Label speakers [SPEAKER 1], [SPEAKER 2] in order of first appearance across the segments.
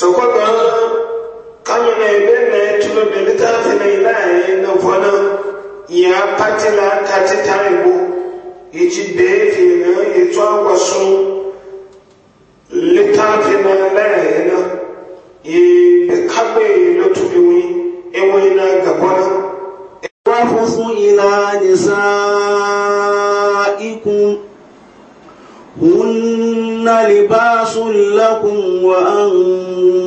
[SPEAKER 1] sokɔba kanu na ebe na etulo na litafi na ila ayi na vɔna ya pati la kati ta ebo etsi bee fi na etu awa so litafi na ila ayi na ebe kabe na tobi wi ewe na gabɔna.
[SPEAKER 2] الرفث إلى نسائكم هن لباس لكم وأنتم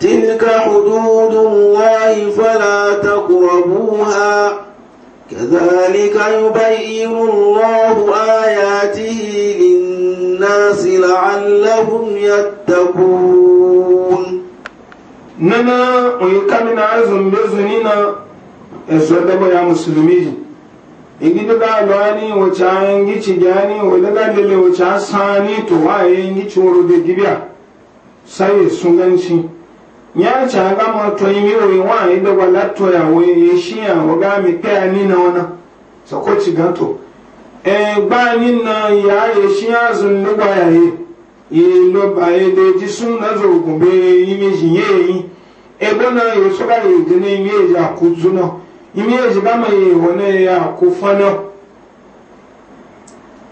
[SPEAKER 2] تلك حدود الله فلا تقربوها كذلك يبين الله آياته للناس لعلهم يتقون
[SPEAKER 1] ننا ويكمن عزم بزنينا اسودبا يا مسلمي igi daga gani wace an gici gani wa daga dalle wace an sani to waye gici wuro da gibiya sai sun ganci ya ci ma to yi mi oyin wa ni da wala to ya wo ye shi ya wo ga mi pe ani na ona so ko gan to e gba ni na ya ye shi ya zun lu gba ya ye ye lo ba ye de ji sun na zo gun be yi mi ji ye yi e na ye so ye de ni mi ya ku zu na yi mi ji ga ma ye wo na ya ku fa na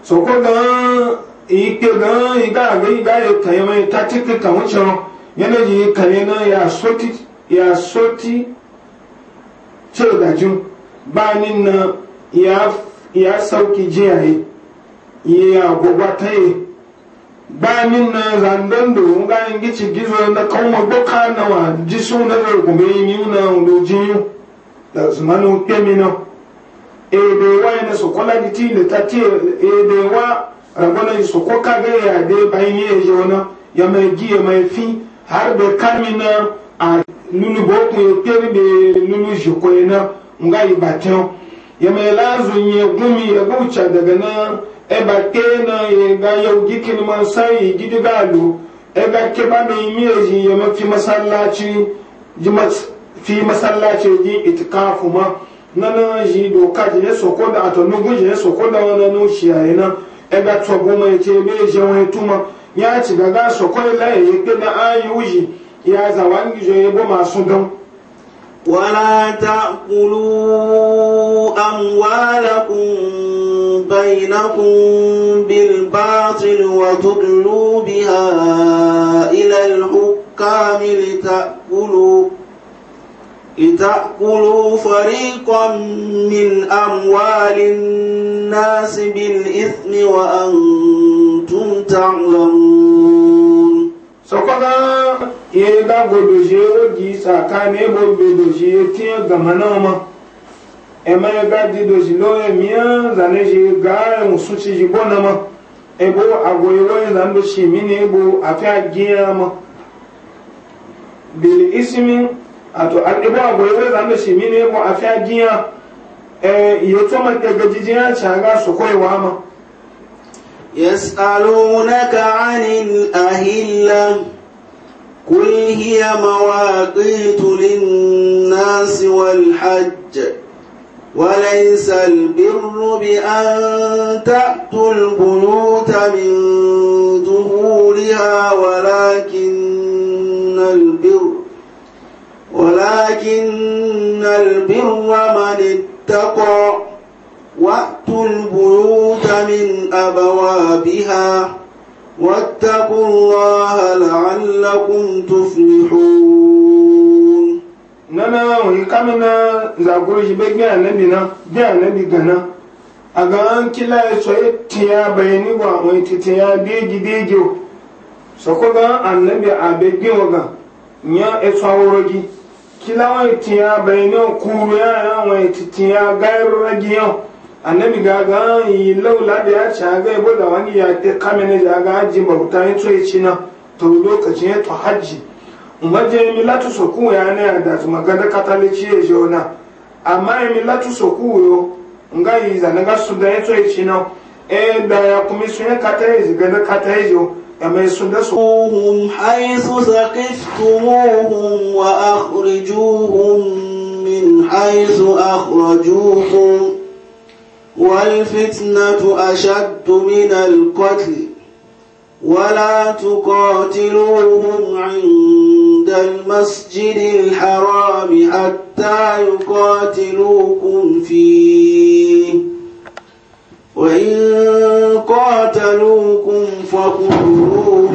[SPEAKER 1] so ko gan ike gan iga ga iga ye kan ye ma ta ti ke kan wo yana ji kane na ya soti ya soti ce da ju ba na ya ya sauki jiyaye ya gwagwataye ba nin na zandon da nga yin gici gizo na kawo doka na wa ji su na zargume yi na lojiyu e da su manu kemina ebewa yana su kula da ti da ta ce ebewa ragonan su ko kaga ya dai bayan yi e ya ya mai gi ya mai fi har be kami a nunu boku ya teri be nunu jiko nga yi batin ya mai lazu ye gumi ya buca daga na e ba ke na ya ga yau gikin man sai gidi galu e ga ke ba mai miyeji ya mafi masallaci fi masallaci ji itikafu ma na na ji doka ji ne soko da ato nugu ji ne soko da wani nushiyayi na e ga mai ce bai je tuma ya ya
[SPEAKER 2] gwalatakpụrụamụwadakwụbinawụbiri batrị n'ụwa tụtụubi ha ilekalita kulu لتأكلوا فريقا من أموال
[SPEAKER 3] الناس بالإثم وأنتم تعلمون sokola
[SPEAKER 1] ye da godoje o di saka ne bo godoje ti gamana ma e ma ga di doji lo e mia za ne je ga e musu ci ji bona ma e bo agoye wo e za ndo shi mi ne bo afia gi ma bil ismi ato ibo agoyere zando a ne bo afya giya eh yeto mata gajijiya chaga su koyewa ma yas'alunaka 'anil ahilla
[SPEAKER 2] قل هي مواقيت للناس والحج وليس البر بأن تأتوا البيوت من ظهورها ولكن البر ولكن البر من اتقى واتوا البيوت من أبوابها واتقوا الله لعلكم
[SPEAKER 1] تفلحون nana wani kamina zagoro shi bai gina nabi na gina nabi gana a ga an kila ya so ya tiya bayani wa mai titiya begi begi ko ga annabi a ga ya kila wani tiya bayanin kuru ya yi wani titiya gairu ragi yau annabi ga ga yi laula da ya ci aga yabo da wani ya ta kame ne da ga haji bauta ya tsoye ci na to lokacin ya to haji umarje mi latu soku ya na da su magana katalici ya je ona amma mi latu soku yo nga yi zanaga su da ya tsoye ci na e da ya kuma sun ya kata ya ziga da kata ya فامسكوهم حيث ثقفتموهم وأخرجوهم من حيث
[SPEAKER 2] أخرجوكم والفتنة أشد من القتل ولا تقاتلوهم عند المسجد الحرام حتى يقاتلوكم فيه وإن قاتلوكم فكلوه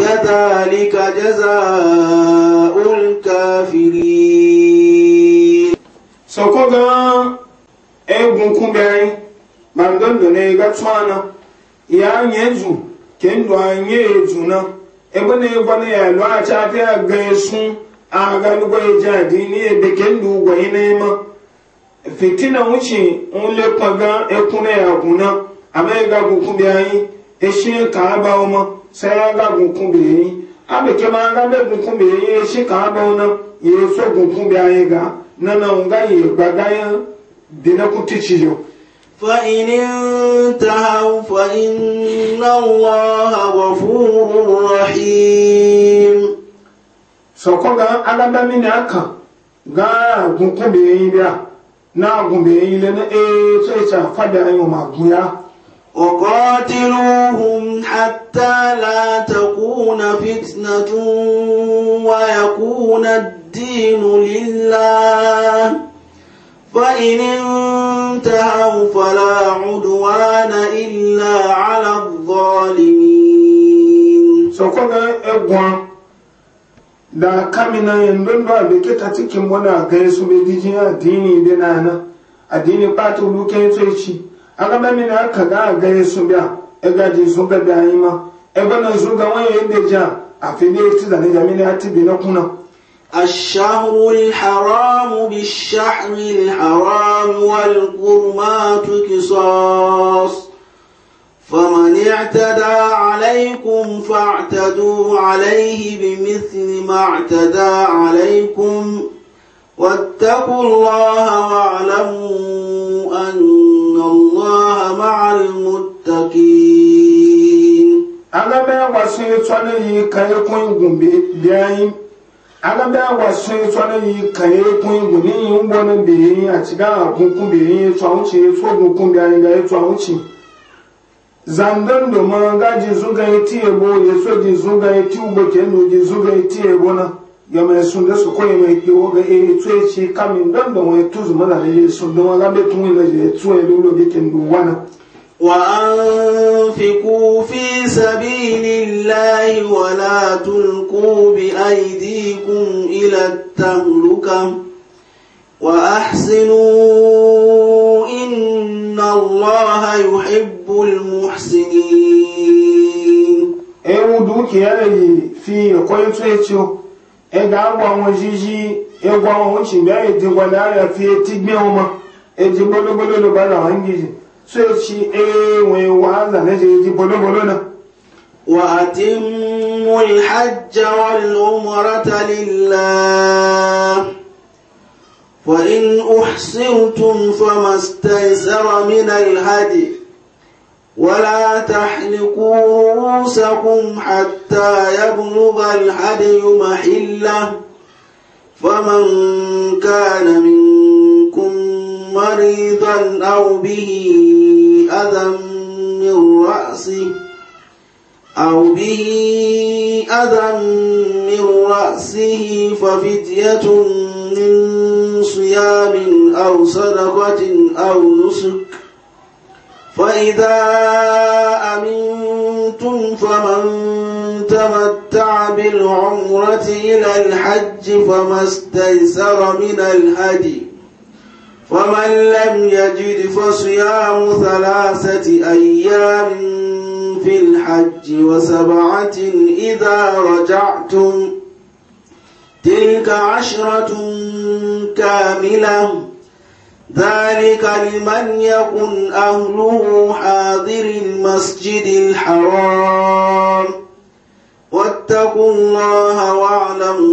[SPEAKER 2] كذلك جزاء الكافرين
[SPEAKER 1] سوكوغا egun kunbẹrin mandondo ne ga tsuana ya anya ezu kendo anya ezu na ebe na egwa na ya lo acha fi esu aga lugwa eji adi ni ebe kendo ugwa ina fitina wuce nle kwaga ekuna ya guna ama ya eṣin kan bá ọmọ sẹ́yìn agágunkun bìyẹn abèké máa ń gábẹ́gunkun bìyẹn eṣin kan bá ọ̀nà yìí sógunkun bí ayé ga nana ònga yìí gbàgáyà dínàkú tìṣì Allah فإن
[SPEAKER 2] انتهوا فإن الله غفور رحيم
[SPEAKER 1] sọ̀kọ́gá alábẹ́mínì àkàn gáà gùnkún bèèyàn bíà náà gùn bèèyàn lẹ́nu ẹ̀ẹ́dẹ́gbẹ̀ta fàdé ayọ̀ màgùn yá. وقاتلوهم حتى لا تكون
[SPEAKER 2] فتنة ويكون الدين لله فإن انتهوا فلا عدوان
[SPEAKER 1] إلا على الظالمين سوكونا أبوان da kamina yanzu ba da ta cikin wani gaisu bai dijin addini da nana addini ka mi na aka ga agaghị so bịa ịga ji zụ bebe anyị ma ebe na zụ ga nwanyị ndị ji a afi ndị eti na nija mi na ati bi na kwuna الشهر الحرام
[SPEAKER 2] بالشحر الحرام والقرمات قصاص فمن اعتدى عليكم فاعتدوا عليه بمثل ما اعتدى عليكم واتقوا الله واعلموا أن الله مع
[SPEAKER 1] المتقين أنا ما وصيت عليه كيكون قمبي بيعين أنا ما وصيت عليه كيكون قمبي يمبون بيعين أتباع كنكم بيعين تعوشي فوقكم بيعين لا تعوشي zandon domin gaji zuga ya tiye bo ya so ji zuga ya ke ya na yɔmɛ sunde soko yi mɛ kpe wo bɛ eye tu etsi kami ndɔndɔ wo etu zuma la eye sunde wo la bɛ tu yi le ye tu yi lolo bi kendo wana. وأنفقوا في سبيل الله ولا
[SPEAKER 2] تلقوا بأيديكم إلى التهلكة وأحسنوا إن الله يحب
[SPEAKER 1] المحسنين. ewu dukiya le yi fi ɛkɔ yi tu etsi o ẹgbẹ́ àgbọ̀ àwọn yíyí egbọ́ àwọn òṣìgbẹ́ ìdìbò láàrin fi etí gbé wọn mọ́ èdè gbólógbóló ló bá làwọn ń yíyí tó yẹ ṣe èèwọ̀n ìwà àzàlẹ́sẹ̀ èdè gbólógbóló náà. wà á ti
[SPEAKER 2] فإن أحسنتم فما استيسر من الهدي ولا تحلقوا رؤوسكم حتى يبلغ الهدي محله فمن كان منكم مريضا أو به أذى من رأسه أو به أذى من رأسه ففدية من صيام أو صدقة أو نسك فإذا أمنتم فمن تمتع بالعمرة إلى الحج فما استيسر من الهدي ومن لم يجد فصيام ثلاثة أيام في الحج وسبعة إذا رجعتم تلك عشرة كاملة ذلك لمن يكن أهله حاضر المسجد الحرام واتقوا الله واعلموا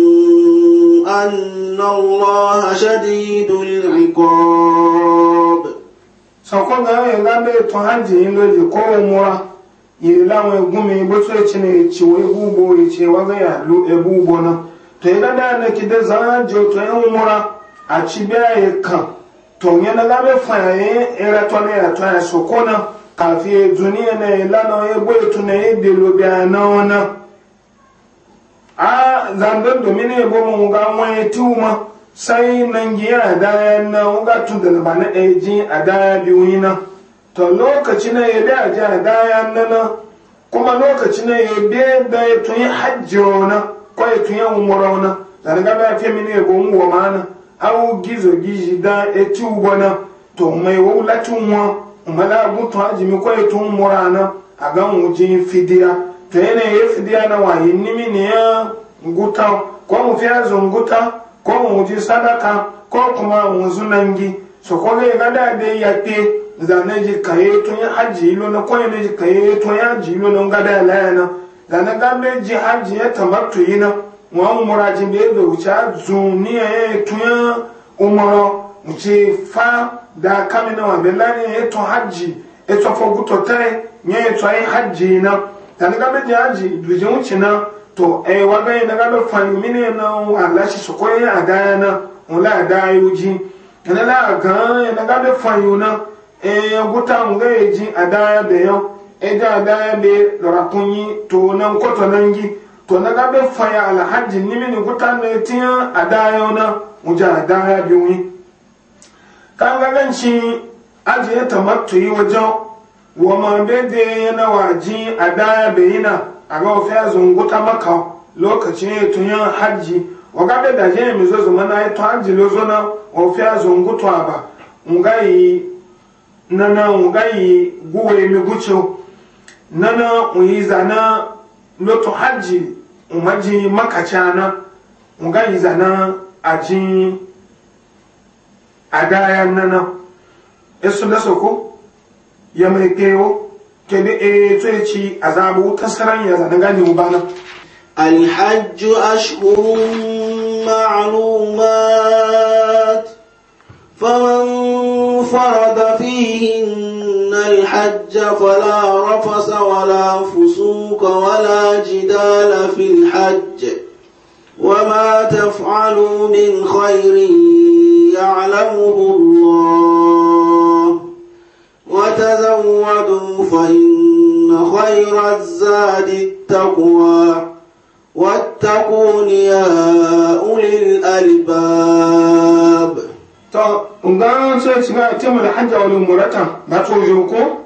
[SPEAKER 2] أن الله شديد
[SPEAKER 1] العقاب sọ̀kọ́ náà yẹn lábẹ́ ètò àjì yìí ló lè kọ́ ohun wa yìí láwọn ẹ̀gún mi bó tó ẹ̀kí ni ìtìwọ́ ẹ̀búgbò ìtìwọ́ gẹ́yà ló ẹ̀búgbò náà tó yẹ dáadáa náà kí dé zan àjì òtò ẹ̀hún múra àti bí ààyè kan to tonye na labe fanya ye era tonye ya tonye sokona kafye e e e dunye na yi na ilana ye boye tunye ye delobi anawana a zandon domine ye bomo nga mwenye ti uma sayi nangi ya adaya na nga tunde na bana bi adaya na. to lokaci na yebe aje adaya na na kuma lokaci na yebe da tun ya ye tunye hajjiwa na kwa tun tunye umurawa na zanagaba ya fiye mine ye bomo uwa maana awu gizo gizi da eti ubona to mai wula tun wa umala gutu ajimi ko tun murana a gan wujin fidiya to yana yi fidiya na wayi nimi ne ya nguta ko mu fiya zunguta ko mu ji sadaka ko kuma mu zunangi so ko ga ga da da ya pe zane ji kaye to ya haji ilo na ko yana ji kaye to ya haji ilo na ga da la yana zane ga me ji haji ya tamattu yana wọn múra jìnbẹ́ bẹ̀ wùchá zùn ní ẹ̀ tún ọmọrọ wùchí fa da kamina wọn bẹ̀ lánìí ẹ̀ tún hajj ẹ̀ tún fọgùtọ̀ tẹ́ ẹ̀ ẹ̀ tún ayé hajj na tani ká bẹ̀ jẹ́ hajj lùjẹ́ wùchí náà tó ẹ̀ wá bẹ́ẹ̀ náà ká bẹ̀ fani mí ní ẹ̀ náà aláṣẹ sọ̀kọ́ ẹ̀ àdáyà náà wọn láà dá ayò jí ẹ̀ náà gan ẹ̀ náà ká bẹ̀ fani wọn náà ẹ̀ e, gúta wọn gẹ́ ẹ̀ jí àdáyà bẹ̀ yẹn ẹ̀ e, dá àdáyà bẹ̀ lọ́ra kún yín tó náà kọ́tọ̀ náà yín to na gabe fanya alhaji nimi ni kuta ne tiya a daya na wuje a daya biyu kan gaganci ajiye tamattu yi wajen wa ma bede yana waji a daya bayina a ga ofe zunguta maka lokacin ya tuyan hajji wa gabe da je mi zo zuma na yi to hajji lozo na ofe zunguta ba ngai nana ngai guwe mi gucho nana uyiza na lotu hajji umaji ji makacha na nga yi zana a adaya nana esu ya mai kewo kebe e to ci azabu tasaran ya zana gani ba na الحج أشهر معلومات
[SPEAKER 2] فمن فرض فيهن الحج فلا رفس ولا فسوق ولا جدال في الحج وما تفعلوا من خير يعلمه الله وتزودوا فإن خير الزاد التقوى
[SPEAKER 1] واتقون يا أولي الألباب to nga so ti ga ti mo da hajja wal umrata ba to yo ko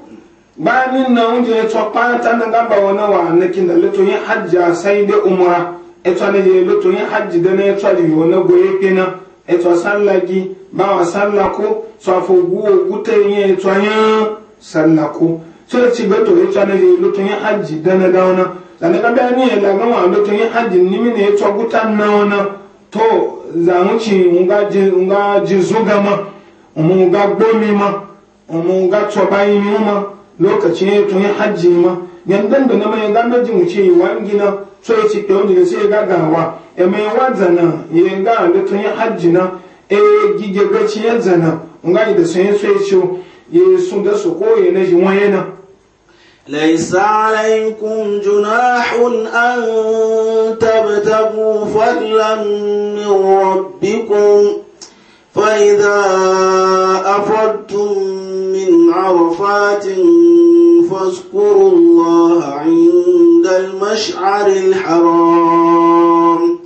[SPEAKER 1] ba nin na unje to pa ta na ga ba wona wa na kin da leto yin hajja sai da umra e to ne je leto yin hajji da ne to di wona go ye pina e to sallagi ba wa sallako so gu gu te yin e to yin sallako so ti be to e to ne je leto yin hajji da na da wona da ne ga ba ni e la ga wa leto yin hajji ni mi ne to gutan na wona to zamuci nga ji zuga gama mu ga gbomi ma mu ga tsobayi mu ma lokacin ya tun hajji ma yandan da na mai ganda ji mu ce wangina so ya ci ɗaya wanda sai ga gawa ya mai wazana ya ga da tun hajji na e gige gaci ya zana nga da sun yi so ya ce ya sun da su koye na yi wayana ليس عليكم جناح أن
[SPEAKER 2] تبتغوا فضلا من ربكم فإذا أفضتم من عرفات فاذكروا الله عند المشعر الحرام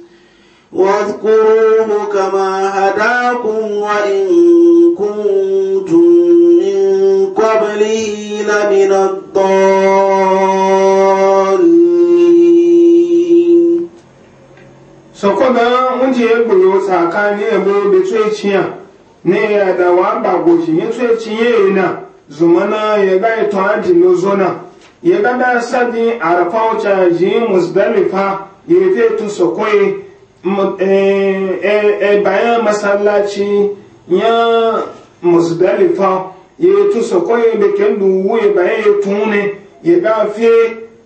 [SPEAKER 2] واذكروه كما هداكم وإن كنتم من قبله لمن الضالين
[SPEAKER 1] oge ahụ ji egburu ụzọ aka na-egbo betu echi ya na ya dawa gbagwoji nyetu echi ya eri na zumana ya ga ito aji n'ụzọ na ya ga da sadi arafa ụcha ji musdalifa ya ete tu sokoye e, e, bayan masallaci ya musdalifa ya etu sokoye beken da uwu ya bayan ya tune ya ga fie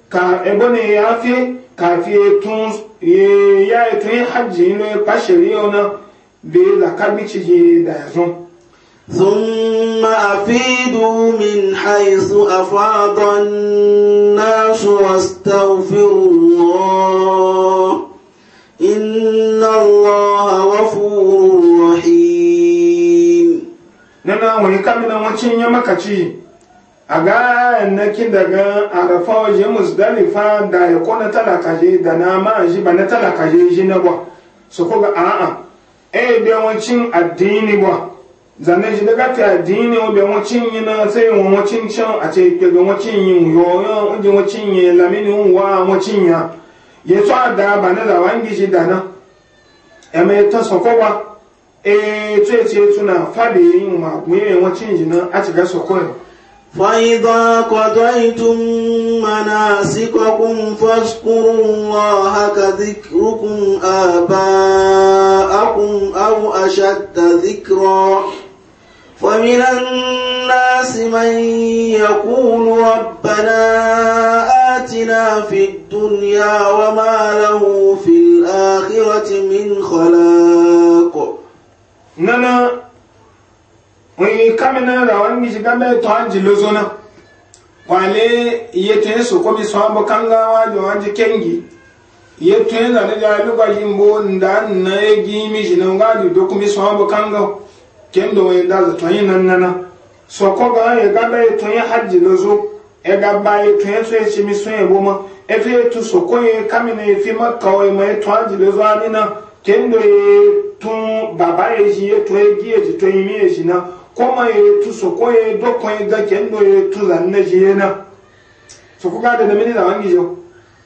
[SPEAKER 1] ka ebe na ya fie kafi tun ya yi tun hajji ne kashiri yana bai zaka bici da yanzu ثم أفيدوا من حيث أفاض
[SPEAKER 2] الناس واستغفروا الله
[SPEAKER 1] إن الله غفور رحيم نعم ويكمل وجه يمكتي a ga yannakin daga arafa waje musdalifa da ya ko na talakaje da na ma'aji ba na talakaje shi na ba su kuga a'a e eh, bewancin addini ba zanne shi daga ta addini o bewancin yi na sai wancin can a ce ke wancin yi yoyon inji wancin yi lamini wa wancin ya ya tso da ba na da wangi shi da na ya ta sako ba eh, e tso ya ce tuna fadi yin ma mu yi wancin yi na a ci ga sako فإذا
[SPEAKER 2] قضيتم مناسككم فاذكروا الله كذكركم آباءكم أو أشد ذكرا ومن الناس من يقول ربنا آتنا في الدنيا وما له
[SPEAKER 1] في الآخرة من خلاق نما wani kamina da wani shiga mai tuwanji lozo na wale iye tun su komi su haɓu kangawa da wani kengi iye tun da na jalu ba yin bo da na ya gi mi shi na ga di do komi su haɓu kangawa kendo wani da za tuwanyi nan nana so ko ga ya ga bai tun ya hajji lozo ya ga bai tun ya ya ci mi sun ya boma ya fi ya tu so ko ya kamina ya fi makawai mai tuwanji lozo anina kendo ya tun baba ya shi ya tun ya gi ya ji tun mi ya shi na koma ya tu so ko ya do ko ya ga ken do ya tu la na je na so ko ga da na mini da wangi jo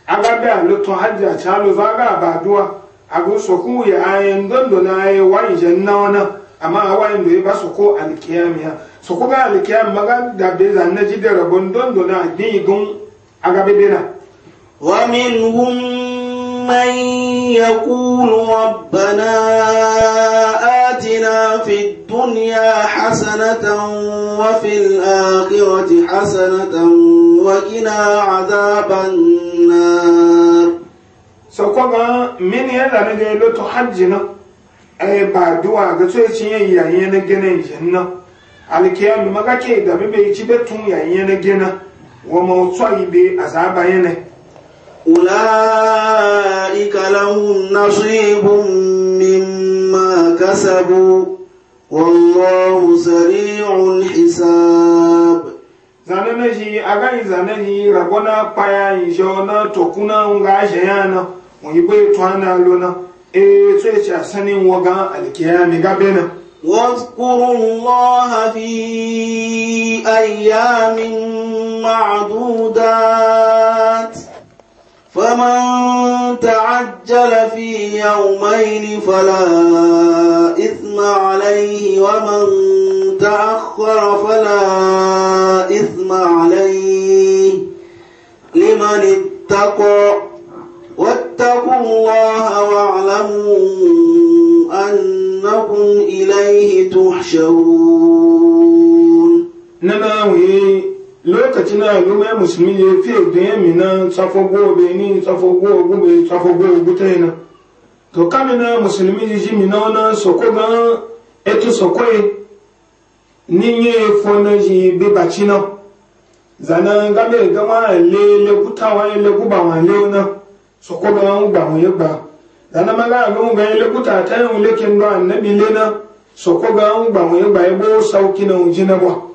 [SPEAKER 1] aga be a lo to hajji a cha lo za ga ba duwa ago so ku ya ayen don do na ya wa je na ona amma a wa ndo ya ba so ko alkiyamiya so ko ga ma ga da be zan na ji da rabon don do na din gun aga be be na wa
[SPEAKER 2] minhum من يقول ربنا آتنا في الدنيا حسنة وفي الآخرة حسنة
[SPEAKER 1] وقنا عذاب النار سوكوغا من يلا نجي لو تحجنا أي بعدوا غتوي تشي يا ينا جنا جنا alkiyam maga ke da bibe ci betun ya yana gina wa mawtsai be azaba yana ulaika
[SPEAKER 2] lahum nasibun mimma kasabu
[SPEAKER 1] والله سريع الحساب zanana shi a kan zanana yi ragona kpaya yi shona tokuna nga shayana mu yi bai tuwana lona e tsoye ci a sanin waga alkiyami gabena واذكروا
[SPEAKER 2] الله في أيام معدودات فمن تعجل في يومين فلا إثم عليه ومن تأخر فلا إثم عليه لمن اتقى واتقوا الله واعلموا أنكم
[SPEAKER 1] إليه تحشرون نباوي lokacin na gumai musulmi ya fiye da yami na tsafo gobe ni tsafo gobe tsafo gobe ta yana to kami na musulmi ji ji mina wana soko ga etu soko ye ni yi fona ji bi baci na zana gabe gama le le kutawa ye le guba wa le na soko ga an gba mu gba zana ma ga ga ga le kuta ta yin le kin do annabi le na soko ga an gba mu gba ye bo sauki na ujina ba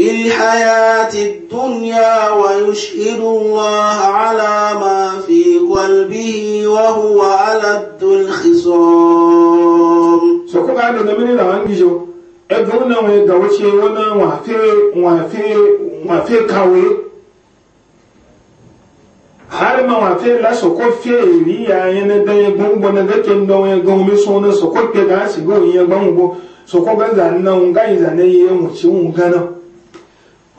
[SPEAKER 2] في الحياة الدنيا ويشهد الله على ما في
[SPEAKER 1] قلبه وهو ألد الخصام سوكو قاعدة نبني لها انجيجو ويدوشي ونا وفي وفي وفي كاوي har ma wa fe la soko fe ri ya yin da ya na da ke ndo ya ga mi soko ke ga soko na ga zan mu ci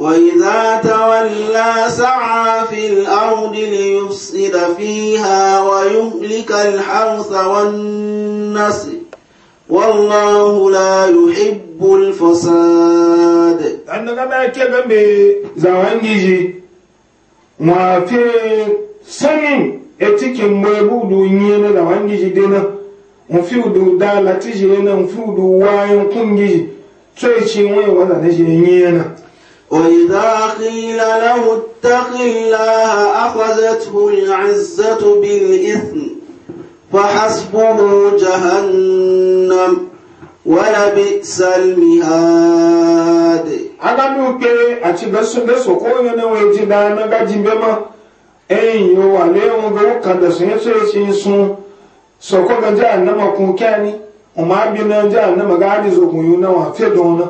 [SPEAKER 2] وإذا تولى سعى في الأرض ليفسد فيها ويهلك الحرث والنسل والله
[SPEAKER 1] لا يحب الفساد عندك ما كلمة زوانجي ما في سنين etikin mwebu du nyene da wangiji dena mfi du da latiji dena mfi du wayan kungiji tsoyi chi wani wanda ne shi nyena وإذا
[SPEAKER 2] قيل له اتق الله أخذته العزة بالإثم فحسبه جهنم
[SPEAKER 1] ولبئس المهاد agadu ke àti bẹ́sọ̀bẹ́sọ̀ kó yẹn náà wọ́n ti dáa náà gájí bẹ́ẹ̀ mọ́ ẹ̀yìn o wà léwọn gbowó kàdà sùn yẹn sọ̀rọ̀ sí sun sọ̀kọ́ gàdá ànámọ̀kùn kíá ni ọ̀mọ̀ abínú ẹja ànámọ̀gá àdìsọ̀kùn yìí náà wà fẹ́ dùn náà.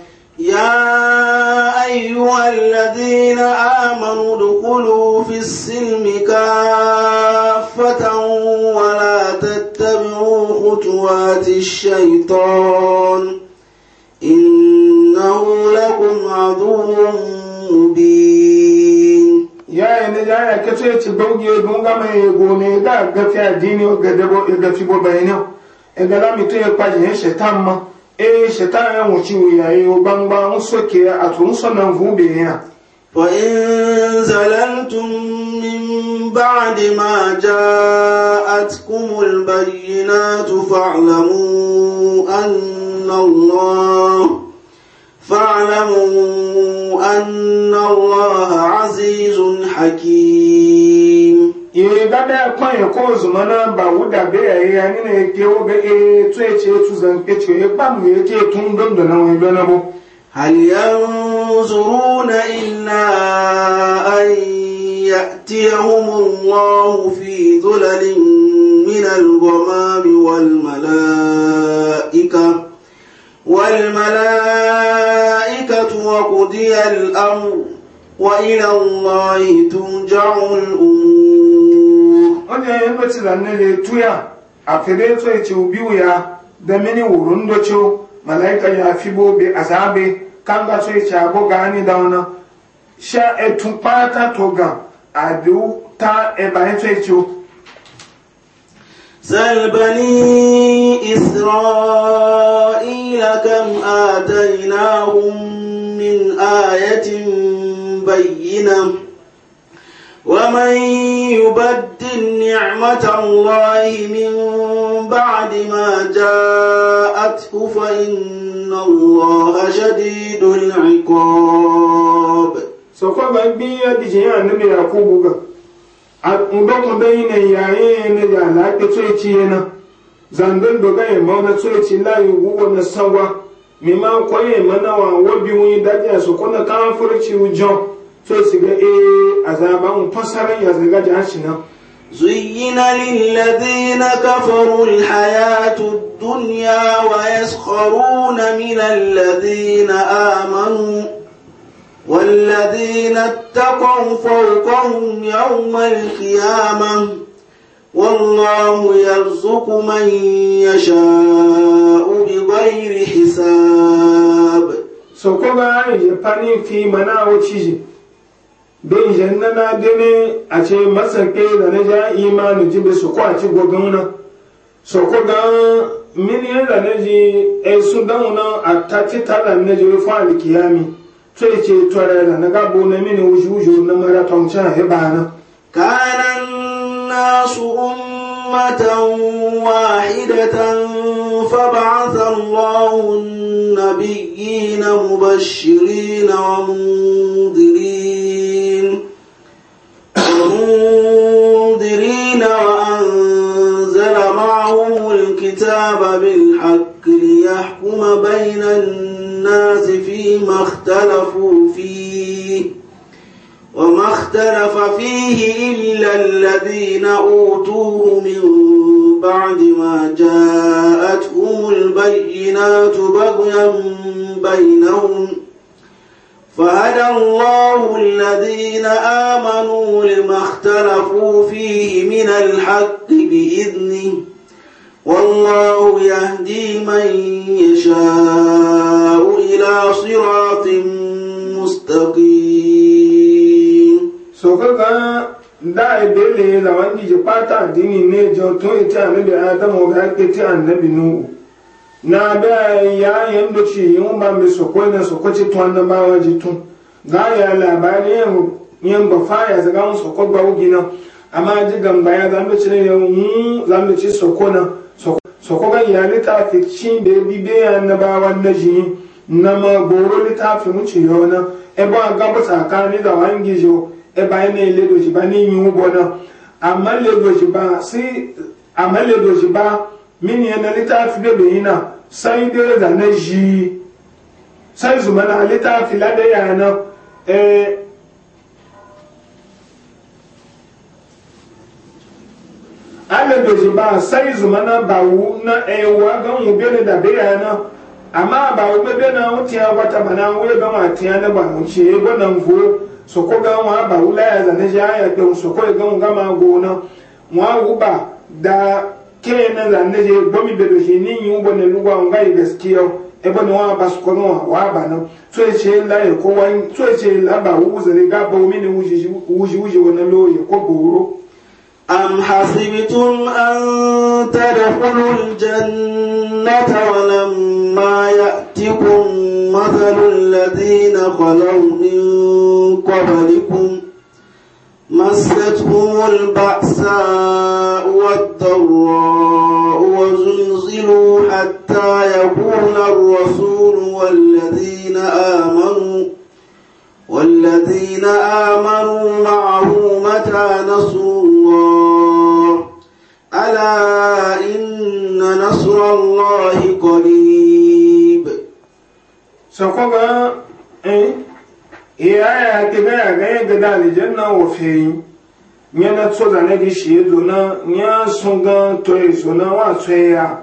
[SPEAKER 1] يا أيها
[SPEAKER 2] الذين آمنوا ادخلوا في السلم كافة ولا تتبعوا خطوات الشيطان
[SPEAKER 1] إنه لكم عدو مبين ya yi ya ya kace ya ci bauge don gama ya gome ga gafi addini ga dabo ga fibo bayanin ya ya ee shetan ya wuce gbangba a tun sannan ya وإن زللتم من بعد ما
[SPEAKER 2] جاءتكم البينات فاعلموا أن الله فاعلموا أن
[SPEAKER 1] الله عزيز حكيم igada kwanye kozuma na ba wuda be ya ya ni na ke wo be e tu e che tu zan ke che e ba mu e che tu ndom do na wo na bo hal yanzuruna
[SPEAKER 2] illa an يأتيهم الله في ظلل من الغمام والملائكة والملائكة وقضي الأمر
[SPEAKER 1] وإلى الله ترجع الأمور wannan ya mace zanne da tuya a fere tsaye biyu ya da mini wurin da ce malaika ya fi bobe a zabe kan ga tsaye ce abu gani da wani sha e tun fata to ga a biyu ta e bayan tsaye ce oh. Isra'ila
[SPEAKER 2] kam adainahum min ayatin bayyinam ومن يبدل نعمة الله من بعد ما جاءته
[SPEAKER 1] فإن الله شديد العقاب sokwa ba gbi ya dije ya annabi yakubu ga ndo ko dai ne yaye ne ya la ke tsoci yana zandan do ga yamma na tsoci la na sawa mi ma ko su kona kafirci ujon sosiga ee azaban fasarin ya zirga jihanshi nan zuyina
[SPEAKER 2] lillazina kafaru alhayatu dunya wa yaskharuna min allazina amanu wallazina taqaw fawqahum yawmal qiyamah wallahu yarzuqu man yasha'u bighairi
[SPEAKER 1] hisab so kuma ya fani fi mana wuce bai janna na gane a ce masarke da na ja imanu ji bai su kwaci gwagwuna so ko ga miniyan da na ji e su na a taci tala na ji rufa alkiyami to ya ce tore da na gabo na mini wujuju na maraton can hebana
[SPEAKER 2] kanan nasu ummatan wahidatan فبعث الله النبيين مبشرين ومنذرين المنذرين
[SPEAKER 3] وأنزل معهم الكتاب بالحق ليحكم
[SPEAKER 2] بين الناس فيما اختلفوا فيه وما اختلف فيه إلا الذين أوتوه من بعد ما جاءتهم البينات بغيا بينهم فهدى الله الذين آمنوا لما اختلفوا فيه من الحق بإذنه والله يهدي من يشاء إلى صراط
[SPEAKER 1] مستقيم سوكا دا ابيلي لوانجي جباتا ديني نيجو تويتا نبي آدم وغاكتا النبي نوح na ga ya ihe da ci yin ba mai sokoi na sokoci tuwan na bawa jitun ga ya labari yin ba fa ya zaga mu soko ba wugi nan amma ji gamba ya zama ci ne mu zama ci soko na soko ga ya littafi chi da bi biya na nne na ji na ma goro littafi nwuchi ya ọ na e ba ga ba tsakani da wangi jo e ba ne le do ji ba ni na amma dojiba do ji ba si amma dojiba do min yana littafi da bayina sai dai ya na ji e, sai zuma na littafi la e da yana eh ala da ba sai zuma na bawu na ewa ga mu bene da bayana amma bawu be bene wuti ya wata bana we ga ma tiya na ba mu ce go nan go so ko ga wa bawu la ya da na ja ya don so ko e ga mu ga ma go na wa ba da kire na zanne je gomi be shi ni yin bo ne lugwa ngai gaskiya e bo ne wa baskono wa ba no so e che la e ko wa so e che la ba wu ze ga bo mi ne wuji wuji wuji wona lo ye ko boro am hasibtum an tadkhulul jannata wa lam
[SPEAKER 2] ma ya'tikum mathalul ladina khalaw min qablikum مستهم البأساء والضراء وزلزلوا حتى يكون الرسول والذين آمنوا والذين آمنوا معه متى نصر الله ألا إن نصر الله قريب
[SPEAKER 1] سقط إيه iya ya ke gaya ga ya ga dalijan na wofe nye na tso da na gishi ya zo na nye sun ga to ya zo na wa tso ya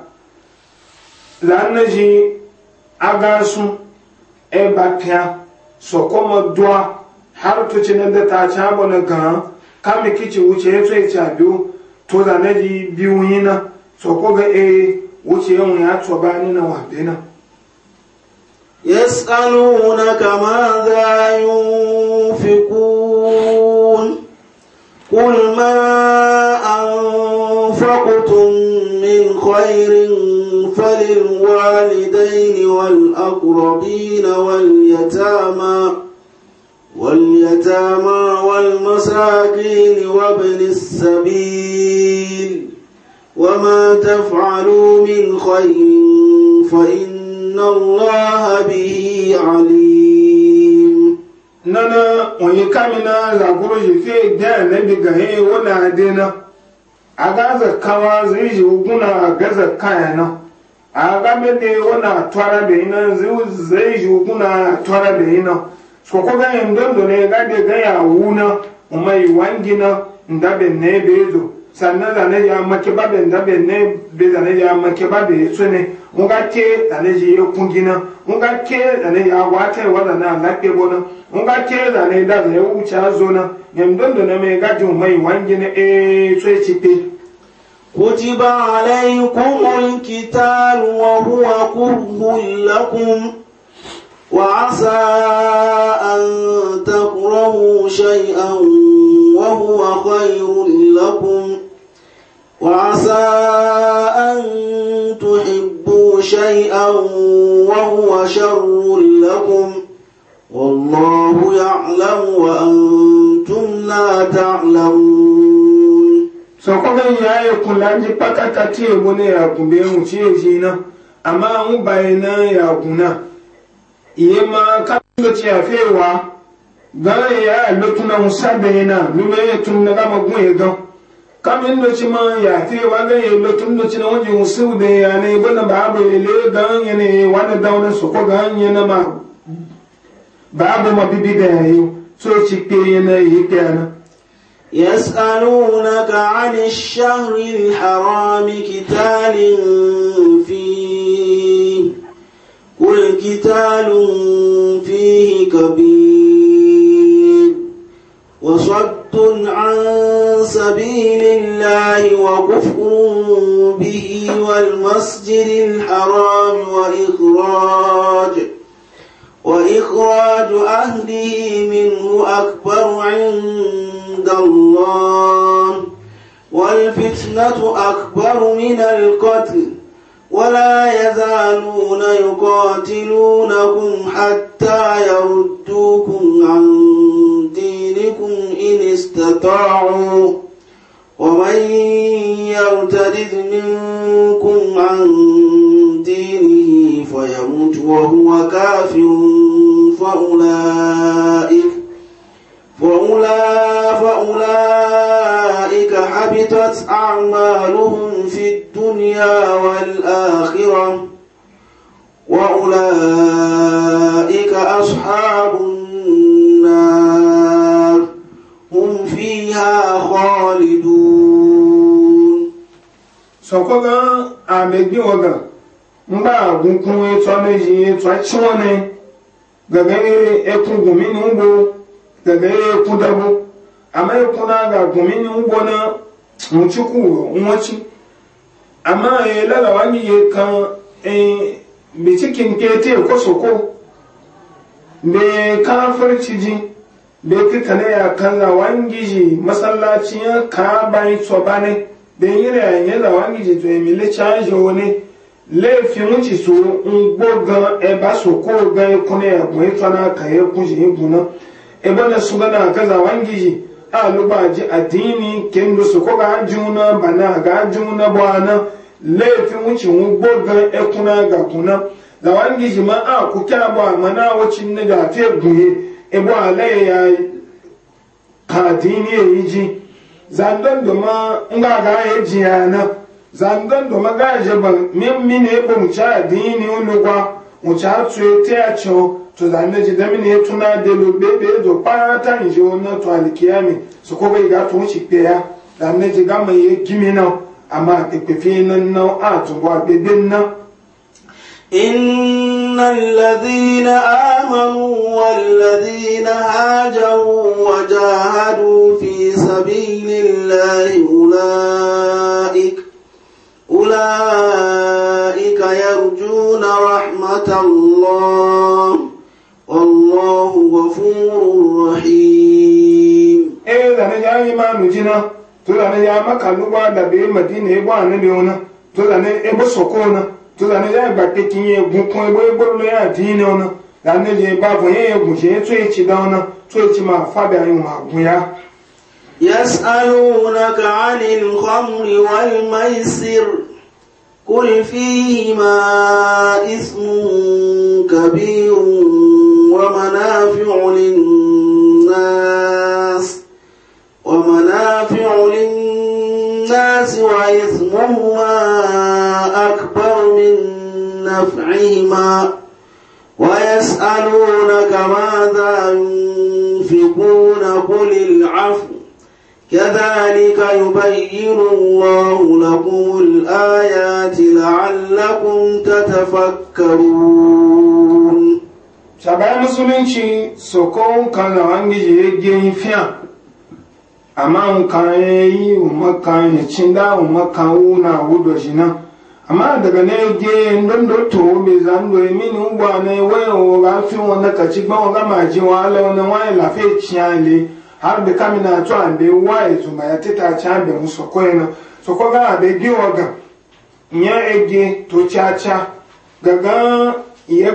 [SPEAKER 1] la na ji aga sun e ba fiya so kuma duwa har tuci na da ta ci abu na gan kami kici wuce ya tso ya ci abiyu to da na ji biyu yi na so ko ga e wuce yawon ya tso ba ni na wa na. يسألونك ماذا
[SPEAKER 2] ينفقون قل ما أنفقتم من خير فللوالدين والأقربين واليتامى واليتامى والمساكين وابن السبيل وما تفعلوا من خير فإن
[SPEAKER 1] إن الله به عليم nana wani kamina zagoro yi fe da na biga he wani adena a gaza kawa zai yi guna a gaza kaya na a gabe da wani atwara da ina zai yi guna atwara da ina so ko ganyen dondo ne gade gaya wuna mai wangina na ne bezo sannan zane ya make ba ben da ne be zane ya make ba be so ne nga ke zane ji ya kungina nga ke zane ya wata wa na na ke bona ke zane da zane wuce azo na yan don da me ga jin mai wangi ne e so ci pe كتب عليكم القتال وهو كره
[SPEAKER 2] لكم وعسى أن تكرهوا شيئا وهو خير لكم وعسى أن تحبوا شيئا وهو شر لكم والله يعلم
[SPEAKER 1] وأنتم لا تعلمون sọkọ́lẹ̀ ìyá ẹkùn lájí pátákà tí èwo ní ìyàgùn bí ẹ̀hùn tí èyí iná àmá àwọn báyìí náà ìyàgùn náà ìyẹn máa kájọ ti àfẹ́ wa gan ìyá ẹ̀ ló tún náà ń yẹn náà ló mẹ́rin tún náà lámọ́gún yẹn gan-an kamin da ci ma ya te wa ga ye lo tun da ci na waje musu da ya ne bana ba ba le ga ya ne wa da dauna su ko ga ya na ma ba ba ma bibi da ya yi so ci ke ya na yi ke na
[SPEAKER 2] يسألونك عن الشهر الحرام قتال فيه قل قتال فيه كبير وصد عن سبيل الله وكفر به والمسجد الحرام وإخراج وإخراج أهله منه أكبر عند الله والفتنة أكبر من القتل ولا يزالون يقاتلونكم حتى يردوكم عن دينكم إن استطاعوا ومن يرتد منكم عن دينه فيموت وهو كافر فأولئك فأولئك حبطت أعمالهم في الدنيا والآخرة وأولئك أصحاب النار
[SPEAKER 1] khalidun soko ga amegbi waga ngba agun kun eto meji eto chiwon ne gagere ekun gumi ni ngbo gagere ekun dabo ama ekun na ga gumi ni ngbo na nchukwu nwachi ama elalawa ni ye kan eh bitikin kete ko soko be kafirci ji kika ne ya kanza wangiji masallaci ya ka bai tsoba ne den yire ya yela wangiji to mi le charge one le fi ci so ngbo gan e so ko gan e ko ne kuma ito na ka yi ku ji e guna na suga na wangiji a lu ji adini kendo so ko ga juna bana ga juna bwana le fi mu ci gan ga kuna da wangiji ma a ku kya ba mana wacin ne ga fe guye ebo alaye ya kadini eyi ji zandon doma nga ga ya ji ya na zandon doma ga je ba min min e bo mucha dini unugwa mucha tu ete acho to zanne ji dami ne tuna de lo bebe do parata nje ona to alikiyami so ko be ga tun shi pe ya zanne ji ga mai ye gimi na amma pepefe nan na a tun gwa bebe na in
[SPEAKER 2] الذين آمنوا والذين هاجروا وجاهدوا في سبيل الله أولئك أولئك يرجون رحمة
[SPEAKER 1] الله والله غفور رحيم إيه ده يا جنا تقول أنا يا مكة لو مدينة يبغى أنا بيونا تقول أنا إيه to zane zai ba ta kin yi gun kuma ibo ibo lo ya ti ne ona zane je ba bu yin gun she to yi ci da ona to yi ci ma fa da yin ma gun ya يسألونك عن الخمر
[SPEAKER 2] والميسر قل فيهما إثم كبير ومنافع للناس ومنافع للناس الناس وإثمهما أكبر من نفعهما ويسألونك ماذا ينفقون قل العفو كذلك يبين الله لكم الآيات لعلكم تتفكرون
[SPEAKER 1] shabai musulunci sokon kan na wangi je yegge fiya amma n kan yi umma kan ya cinda umma kan wuna wudo shi nan amma daga ne ge don do to be zan do mi ni ugba ne ga na kaci gba won ga ma ji wa le won wa la fe chiale har be kamina to an be wa e ya cha be mu so ko ina so ko ga be o ga nya ege to cha cha ga ma ya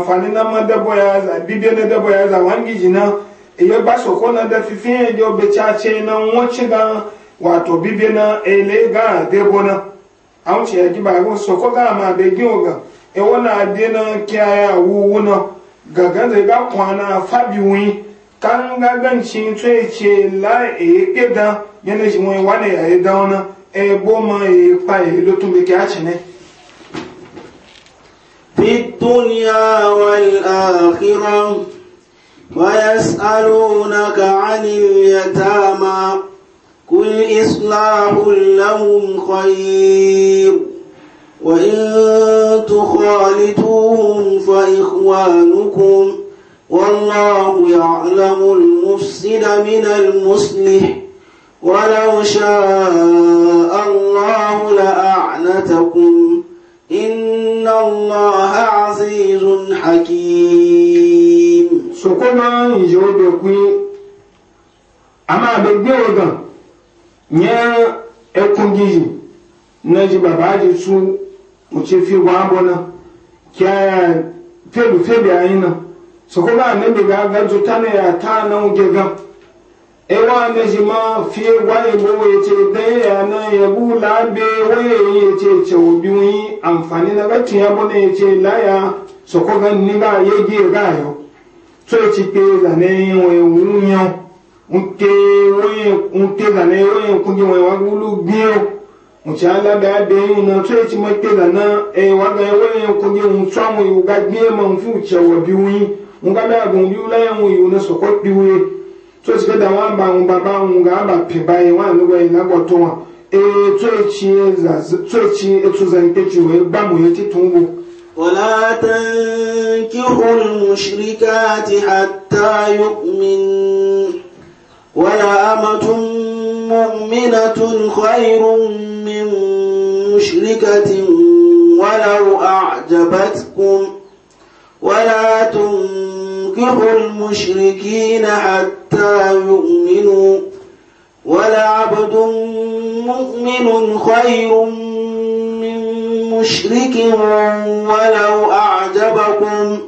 [SPEAKER 1] za na ya za iya ba na da fifiyan yau bai cace na wacce ga wato bibi na ele ga debo na an ya giba ga soko ga ma bai gin ga e na wuwu na ga fabi wi kan ga tsoye ce la e yana shi wani wani ya yi e, e, e pa e lotun ci ne في الدنيا
[SPEAKER 2] ويسألونك عن اليتامى قل إصلاح لهم خير وإن تخالطوهم فإخوانكم والله يعلم المفسد من المصلح ولو شاء الله لأعنتكم إن الله عزيز حكيم
[SPEAKER 1] soko ma nyi do kui ama be gbe wo gan nye ekungi na ji baba ji su mu ce fi wa bona kya fedu fedu ayin na soko ba ne be ga ga ju tane ya ta na wo ge gan e wa ne ji ma fi wa ye bo ye ce de ya na ye bu la be wo ye ye ce ce obi wi amfani na ga tiya bona ye ce la ya soko ga ni ga ye ge ga yo tso etsi ke zane wɔn ewu nyɔ ŋute wɔn ŋute zane wɔn eku dzi wɔn wagulu gbio ŋutsi alaga de yi na tso etsi me te zane eye waga wɔn eku dzi wɔn tsɔ wɔn ewu ga gbie ma ŋufi tse wɔ bi wɔn ŋu ga be agbɔn bi la wɔn ewu ne sɔkɔ kpi wɔn tso etsi ke da wɔn ba ŋu baba ŋu ga ba pe ba yi wɔn anugba yi na gbɔtɔ wɔn eye tso etsi za ولا تنكحوا المشركات
[SPEAKER 2] حتى يؤمن أمة مؤمنة خير من مشركة ولو أعجبتكم ولا تنكحوا المشركين حتى يؤمنوا ولا عبد مؤمن خير مشرك ولو أعجبكم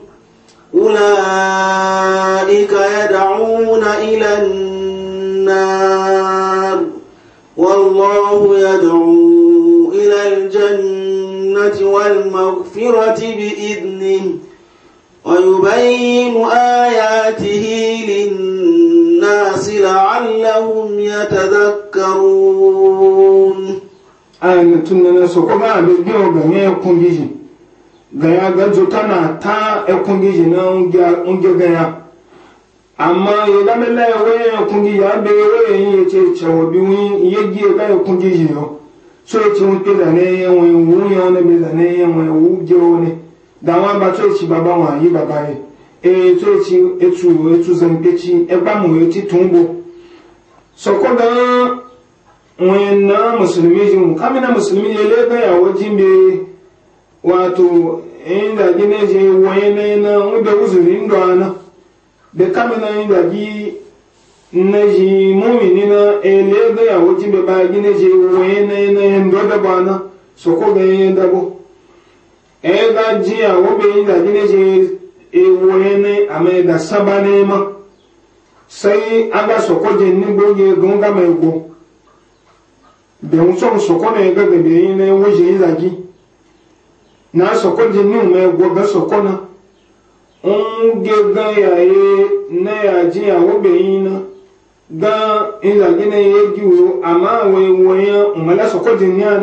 [SPEAKER 2] أولئك يدعون إلى النار والله يدعو إلى الجنة والمغفرة بإذنه ويبين آياته للناس لعلهم يتذكرون
[SPEAKER 1] ayin tunan so ko ga be o ganyen ekun giji ganyen gajo tana ta ekun giji na unge ganyen amma ya ga mela ya waye ekun giji ya be waye yin ya ce cewa bi wun ya gi ya ga ekun giji yo so ya ce wun pe zane ya wun wun ya wani be zane ya wun wu ge wani da wọn ba to ci e baba wọn yi baba yi e to ci e etu etu zan peci egbamu eti tumbo so ko gan na musulmi jin kamina musulmi ya lega ya wajen be wato inda gine je wayene na wanda uzuri ndo ana be kamina inda gi na ji mumini na elega ya wajen be ba gine je wayene na ndo da bana so ko be da bo e da ji ya wo be inda gine je e wayene ama da sabane ma sai aga so ko je ni boge gunga mai go bẹ̀rù sọ̀rọ̀ sọ̀kọ́ náà ẹgbẹ́ gbẹ̀gbẹ̀ yín náà wọ́n ṣe yín lajì náà sọ̀kọ́ ní ọmọ ẹgbọ́ bẹ́ sọ̀kọ́ náà ń gé gan yàrá náà àjí àwọn náà náà àmọ́ àwọn yẹn sọ̀kọ́ ní àná náà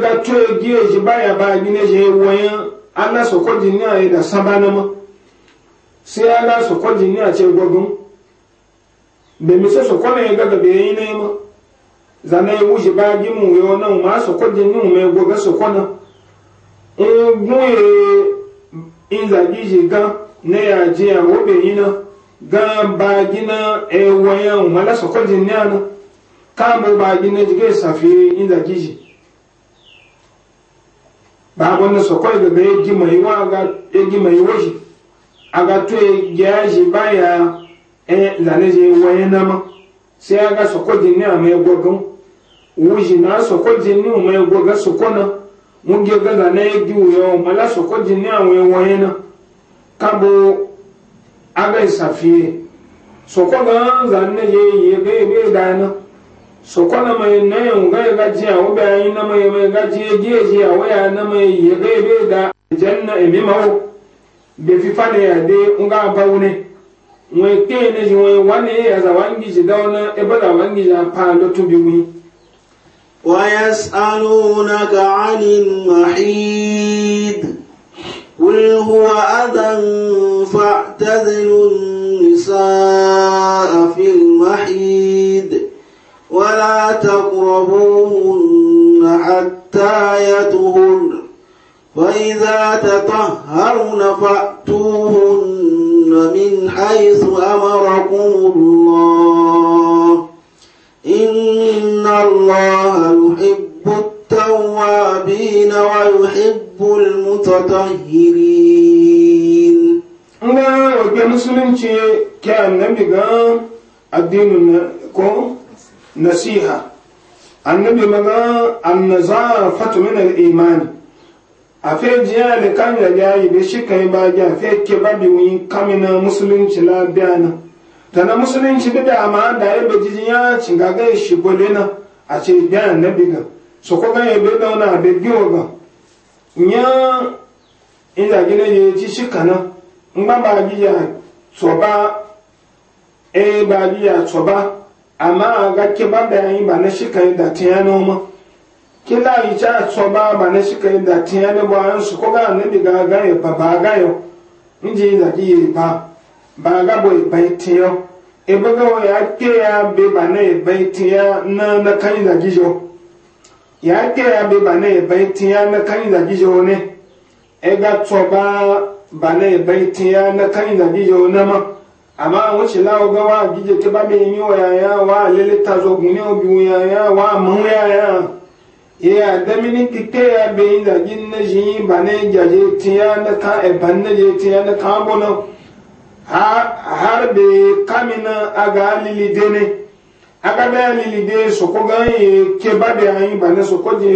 [SPEAKER 1] náà ń tó báyà báyà ala sokɔ jiniya yi da sabana ma sai ala sokɔ jiniya ce gwagun da misa sokɔ na e, ya gaga bai yi ne ma zana ya wuce ba gimu yau nan ma sokɔ jiniya mai gwaga sokɔ na in yɛ zagi shi gan ne na yaji a bɛ yi na gan baagi ba gina ewayan mala sokɔ jiniya na kan bai ba gina jige safi in zagi babon na sokwai daga ya gima yi wa ya gima yi washi a ga to ya shi baya eh zane je waye na ma sai aga sokwai jinni a mai gogon wuji na sokwai jinni a mai gogon sokona mun ge ga zane ya gi wuyo mala sokwai jinni a mai waye na kabo aga isafiye sokwai ga zane je ya ga ya ga dana so kwana mai nayin gai gaji a wuga yi na mai mai gaji ya giyaji a waya na mai ya gai bai da janna imi mawo da fi fane ya dai nga ba wune mai kai yi shi mai wani ya zawan gizi da wani ibada wani gizi a fa da tubi mu wa ya yas'alunaka 'anil mahid qul huwa adan fa'tazilun
[SPEAKER 2] a fil mahid ولا تقربوهن حتى يتهن فإذا تطهرن فأتوهن من حيث أمركم الله إن الله يحب التوابين ويحب
[SPEAKER 1] المتطهرين أنا أقول مسلم كان نبي قام الدين ko nasiha annabi maga annazafatu min al-iman afe jiya da kan ya yayi da shi kai ba ya fe ke ba bi wi kamina musulunci la biana tana musulunci da ma da ya bejiji ya shigole ga shi bolena a ce biya annabi ga so ko ga ya be da na be giwo ga nya ila gina ye ji shi kana ngba ba gi ya so ba e ba gi ya so ba amma ga ke ba da yi ba na shika yi da tiya noma ke la yi ta so ba ba na shika yi da tiya ne ba an su ko ga ne bi ga ga ya ba ba ga yo nji da ki ba ba ga bo ba tiya e ba ga wa ya ke ya be ba na ba ya na na kan da ki jo ya ke ya be ba na ba ya na kan da ki jo ne e ga so ba ba na ba tiya na kan da ki jo na ma amma wace lawo ga wa gije ke ya mai wa yaya wa lele ta zo ya obi wa yaya wa ya ya da mini ya be yin da gin na ne jaje tiya na eba e ban na je tiya na ka bona kamina aga lili dene aga da lili de so ko yi ke ne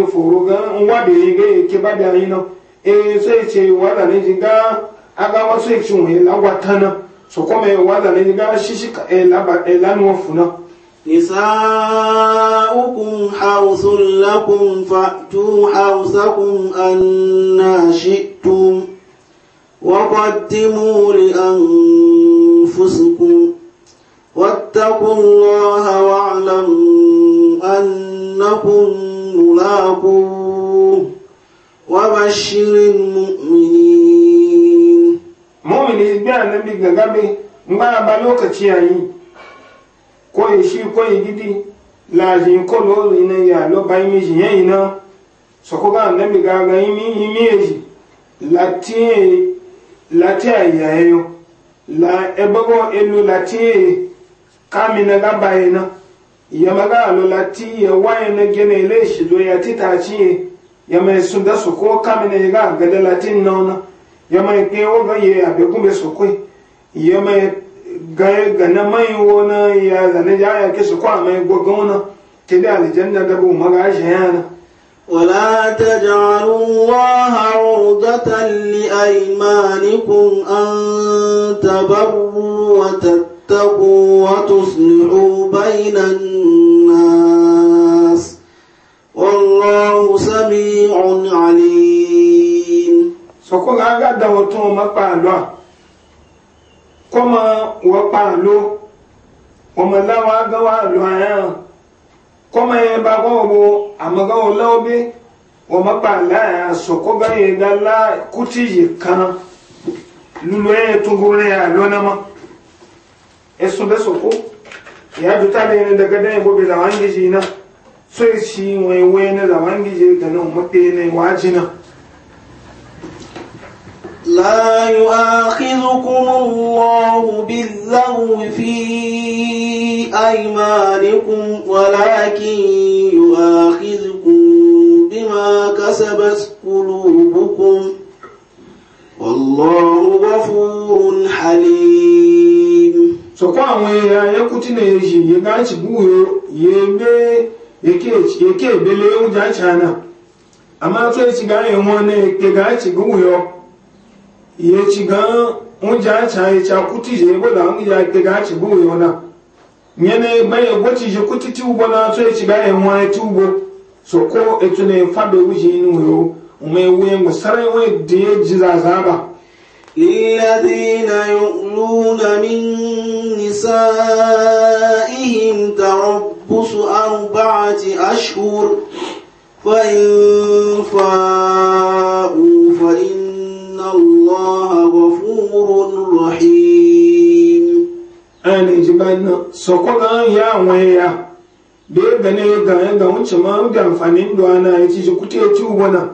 [SPEAKER 1] nwa be yi ke e so e ce wa da ne jinga aga tana sokɔmɛ wala ne ni gaa sisi ka eh, ɛ laba ɛ eh, lanuwa funa. nisaa'ukum
[SPEAKER 2] hawsun lakum fa'tum hawsakum anna shi'tum waqaddimu li anfusikum wattaqu llaha wa'lamu annakum
[SPEAKER 1] mulaaquu wa bashirin mu'miniin mumini bi annabi gaga be ngba ba lokaci yayi ko yi shi ko yi gidi lajin ko lo ina ya lo ba yi meji yayi na so ko ga annabi gaga yi mi yi meji lati lati ayayo la ebogo elu lati kamina ga bayina yamaga alo lati ya na gene ile shi do ya titaci ya mai sunda su ko kamina ya ga lati na nona yama yi kewa ga yi abe gumbe su kwe yama yi ga na mai wona ya zane ya ya ke su kwa mai gwagwona ke da alijanna da bu maga shi yana ولا تجعلوا الله
[SPEAKER 2] عرضة لأيمانكم أن تبروا وتتقوا وتصلحوا
[SPEAKER 3] بين الناس والله سميع عليم
[SPEAKER 1] sọ̀kọ́ ra gàdá ọ̀tún ọmọ pa àlọ́ à kọ́mọ wọ́n pa àlọ́ ọmọ láwọn agáwọ̀ àlọ́ àyàn kọ́mọ yẹn bá wọ́n wo àmọ́gáwọ̀ lọ́wọ́ bí wọ́n mọ́ pa àlọ́ àyàn sọ̀kọ́ bá yẹn dá lá kútì kan lulu yẹn tó gbóná yẹn àlọ́ náà mọ́ ẹ̀sùn bẹ́ sọ̀kọ́ ìyá dùtà lẹ́yìn dẹ́gẹ́dẹ́ yẹn bó bẹ lawan ń gèjì náà sóyè sí wọn ewé náà làwọn ń gèjì gànáà yanayi pé ní لا يؤاخذكم الله
[SPEAKER 2] باللغو في أيمانكم ولكن يؤاخذكم بما كسبت قلوبكم والله غفور حليم
[SPEAKER 1] sọ̀kọ́ àwọn èèyàn ayẹ́kútí na èyí yẹgá àti gbúwò yẹgbẹ́ yẹkẹ́ ìbẹ̀lẹ̀ oúnjẹ àti àná àmá tó ẹ̀ ti gáyẹ̀ wọn ní ẹgbẹ̀gá àti gbúwò iye ci gan ŋun ja ca ye ca kuti je bo la ŋun ja de ga ci bo yo na nyene ba ye bo ci je kuti ti bo na so ci ga ye wa ti bo so ko etu ne fa be wuji nu yo ume we mo sare we de ji za za ba للذين يؤلون
[SPEAKER 2] من نسائهم تربص أربعة أشهر فإن فاءوا
[SPEAKER 1] فإن الله غفور رحيم أنا جبنا سقطا يا ويا ya gane ya gane ga wuce ma an gamfanin da ana ya ci ji kuti ya ci ugwana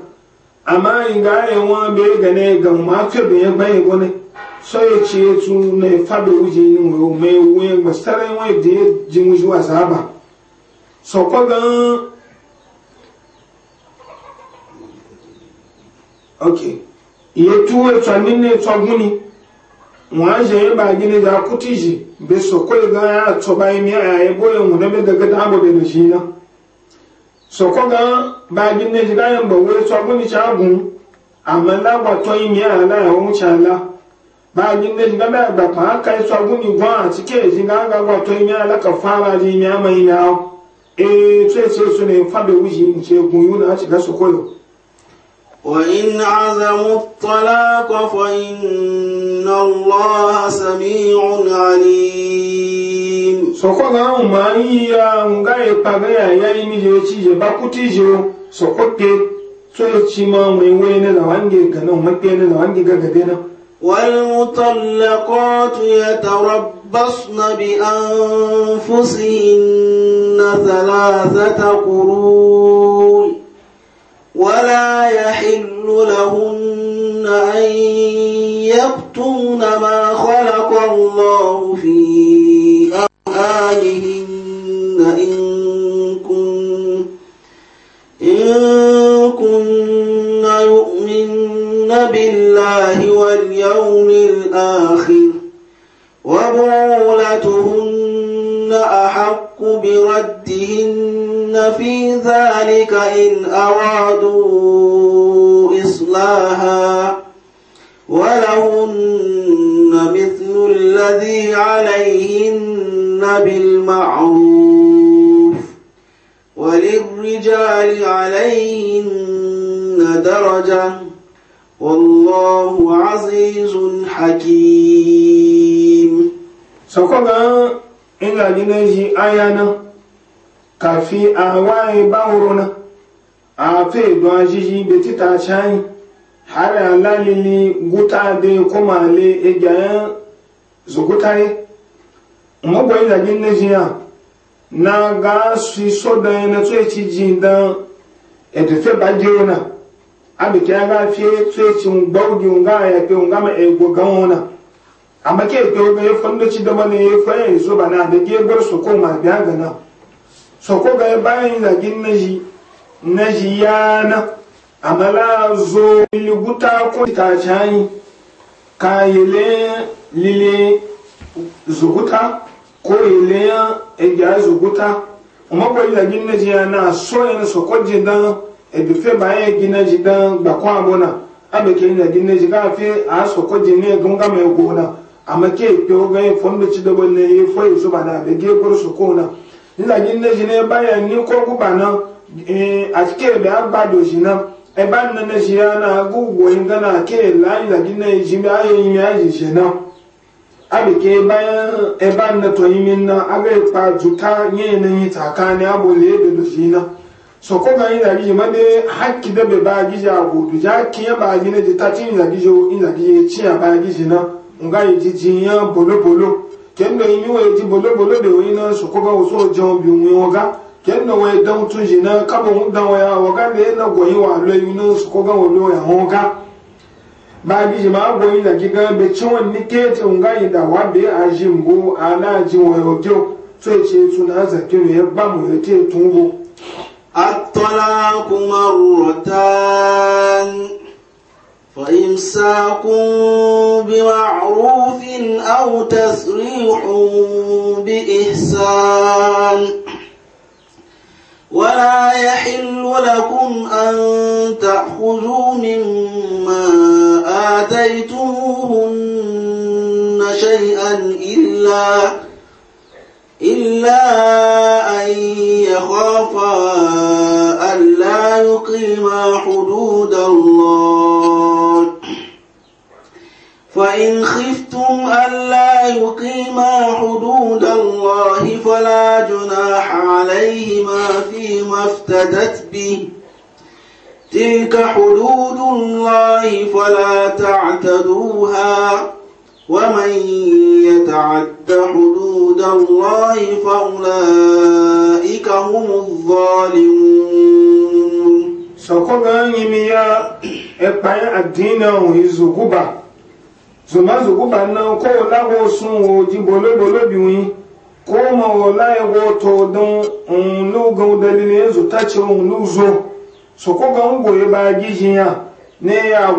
[SPEAKER 1] amma in ga gane ga ma fi da so ya ci tu na fada wuce ni mai wuya ba sarai da ya ji wuce wa saba so ko ga okay yetu etswa nini etswa guni mwaje ye ba gini da kutiji be sokoi ga ya to ba mi a ye boye mu ne be daga da bo be jina soko ga ba gini ji ga yan bo we etswa guni cha gun amala gba to yi mi ala ya o cha la ba gini ji ga ba gba pa ka etswa guni gwa a ti ke ji ga ga gba to yi mi ala ka fara ji mi ama yi na o e tse tse su ne fa be wuji nche gun yu na ti ga sokoi وإن عزموا الطلاق فإن الله سميع عليم soko ga mu mari ya nga e paga ya ya imi je ci je bakuti je soko ke so ci ma mu we ne na wange ga na mu ke ne na wange ga na wal mutallaqat
[SPEAKER 2] yatarabbasna bi anfusihinna thalathata qurun ولا يحل لهن أن يكتمن ما خلق الله في أرآلهن إن
[SPEAKER 1] shayi har ya guta da kuma le egayen su guta yi magwai zagin na na ga su so da na tsoye ci ji da etufe ba jiruna abike ya ga fiye ya fi nga ma ego ganwuna amma ke ga ga ya e e fanda ci e ya ya da su ko ma biya gana so ko ga bayan ya amala zo liliguta ko ta jayi ka yele lile zuguta ko yele egya zuguta uma ko ila ginna jiya na so yana so ko gina e bi fe ba ye ginna jidan gba ko abona abe ke ila ginna jiga fe a so ko jinne gunga me gona amma ke pe o ga fon da ci da bonne ye fo yi so bana be ge gor so ko na ila ne jine baya ni ko ku bana e a ke be ba do jina eba nna na shi yana gugu inga na ke lai la gina yi jimi ayo ya yi shi na abi ke bayan eba nna to yi min na aga ipa juta nye na yi taka ne abu le ebe do shi na so ko ga ma de hakki da be ba gi ja go du ja ki ya ba gi ne de ta tin lagi jo in lagi ye ya ba gi shi na nga yi ji ji ya bolo bolo kendo yi mi wo yi ji bolo bolo de yi na so ko ga so jo bi ga kenda wai dan tun shi na hudu dan waya wa kan da yana goyi wa na su ko gan wa ya honka ba bi ji ma goyi da kiga be cin ni ke tun ga da wa be a jimbo ala ji wa yo kyo so ce tun azan zakin ya ba mu ya te tun bo الطلاق مرتان
[SPEAKER 2] فإمساك بمعروف أو تسريح بإحسان ولا يحل لكم أن تأخذوا مما آتيتموهن شيئا إلا إلا أن يخافا ألا يقيما حدود الله وإن خفتم ألا يقيما حدود الله فلا جناح عليهما فيما افتدت به تلك حدود الله فلا تعتدوها ومن يتعد حدود الله فأولئك هم
[SPEAKER 1] الظالمون سوكو غاني ميا اقبعي الدين ويزوكوبا zumazugu bannan ko lago sun wo ji bolobolo biwi ko ma wo laye wo to don un lugun dalilin e zu ta ce un luzo so ko ga e gijiya ya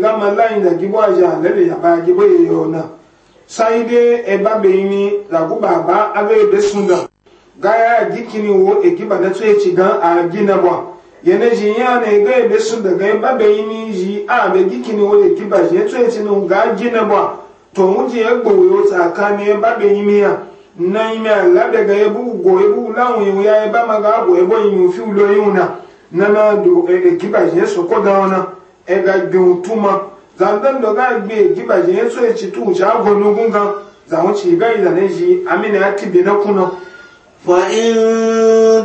[SPEAKER 1] gama aja lebe ya ya e yo na sai de e ba ni lagu baba abe be ga yene ji ya na ega ebe su daga eba be yi ni ji a be giki ni wole ki ba ji eto eti no ga ji na ba to mu ji e gbo yo ta ka ni eba be yi mi ya na yi mi ala be ga ebu go ebu la won yi ya eba ma ga bo ebo yi fi ulo yi una na na do e, e ki ba ji e so ko da ona e ga gbe utuma zandan do ga gbe e ki ba ji eto eti tu ja go nugun ga zawon ci ga yi da ne ji amina ati be na kuna فإن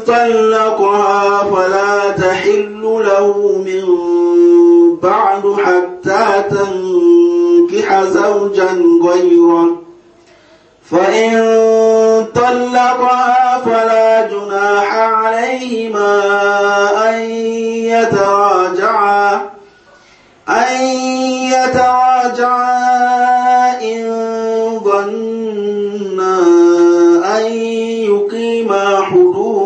[SPEAKER 1] طلقها فلا
[SPEAKER 2] تحل له من بعد حتى تنكح زوجا غيره فإن طلقها فلا جناح عليهما أن يتراجعا أن يتراجعا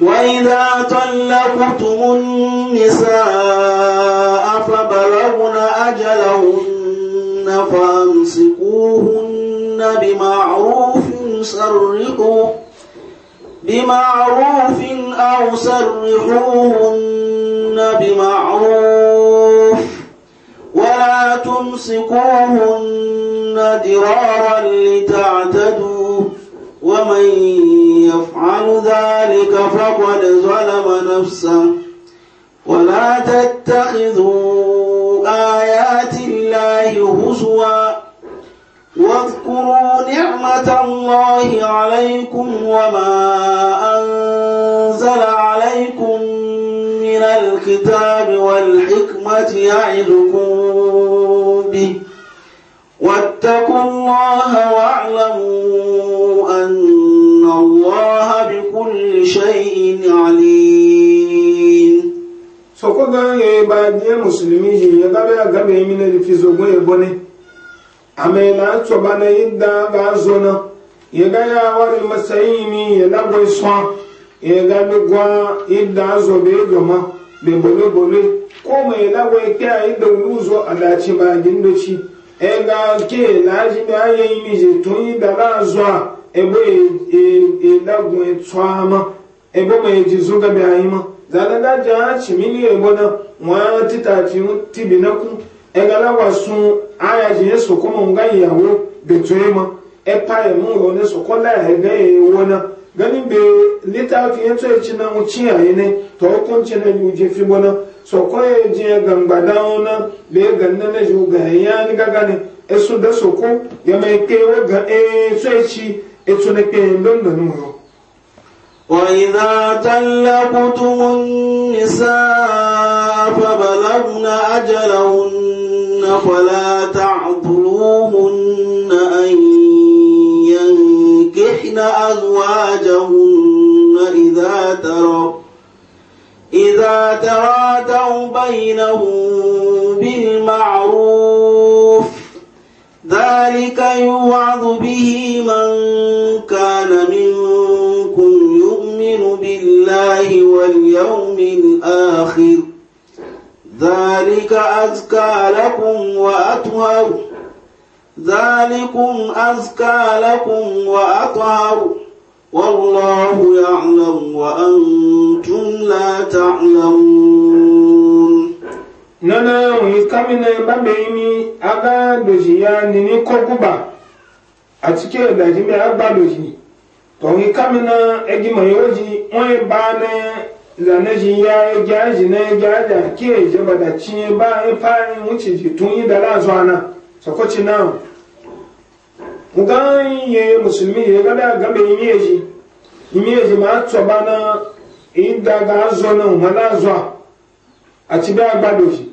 [SPEAKER 2] وإذا طلقتم النساء فبلغن أجلهن فأمسكوهن بمعروف سرقوا بمعروف أو سرحوهن بمعروف ولا تمسكوهن درارا لتعتدوا ومن يفعل ذلك فقد ظلم نفسه ولا تتخذوا آيات الله هزوا واذكروا نعمة الله عليكم وما أنزل عليكم من الكتاب والحكمة يعدكم به واتقوا الله واعلموا أن الله بكل
[SPEAKER 1] شيء عليم sokoga ye baadiye muslimi ji ya gabe ya gabe mine da fi zogo ya bone a mai na tsoba na yadda ga zo na ya ga ya wari masayi mi ya lagwai swa ya ga gwa yadda zo bai gama be bole bole ko mai lagwai kya yadda wuzo a dace ba chi. ega ke laji bi aye yi je to yi a ebo e, e e da gun e tso ama ebo me ji zo ga bi aye ma za da ga ja chi mi ni ebo na wa tita chi ti bi na ku ega la wa sun aya je so ko mo nga yawo be to ma e pa e mu ro ne so ko la e na gani be lita fi en to e na mu chi aye ne to ko nche na yu fi bona so kwaye jiya gamba dauna be ganna na shuga ya ni gaga ne e su da su ku ya mai kewa ga e su e ci e su ne ke don da nuno
[SPEAKER 2] wa idza talaqtum nisa fa balagna ajalahun
[SPEAKER 3] fa la
[SPEAKER 2] ta'dhulun an yankihna azwajahun idza tarab إذا تراتوا بينهم بالمعروف ذلك يوعظ به من كان منكم يؤمن بالله واليوم الآخر ذلك أزكى لكم وأطهر ذلكم أزكى لكم وأطهر والله يعلم
[SPEAKER 1] وأنتم
[SPEAKER 2] لا تعلمون
[SPEAKER 1] nana wani kamina babe ni aga doji ya nini kokuba a cike da jimi agba doji to wani kamina egi mai oji wani ba na zanaji ya egi aji na egi aji a ke jaba da ba ya fara wuce ji tun yi na na nga ye musulmi ye gada gabe imeji imeji ma tsoba na inda ga na ngana azo a ti ba gbado ji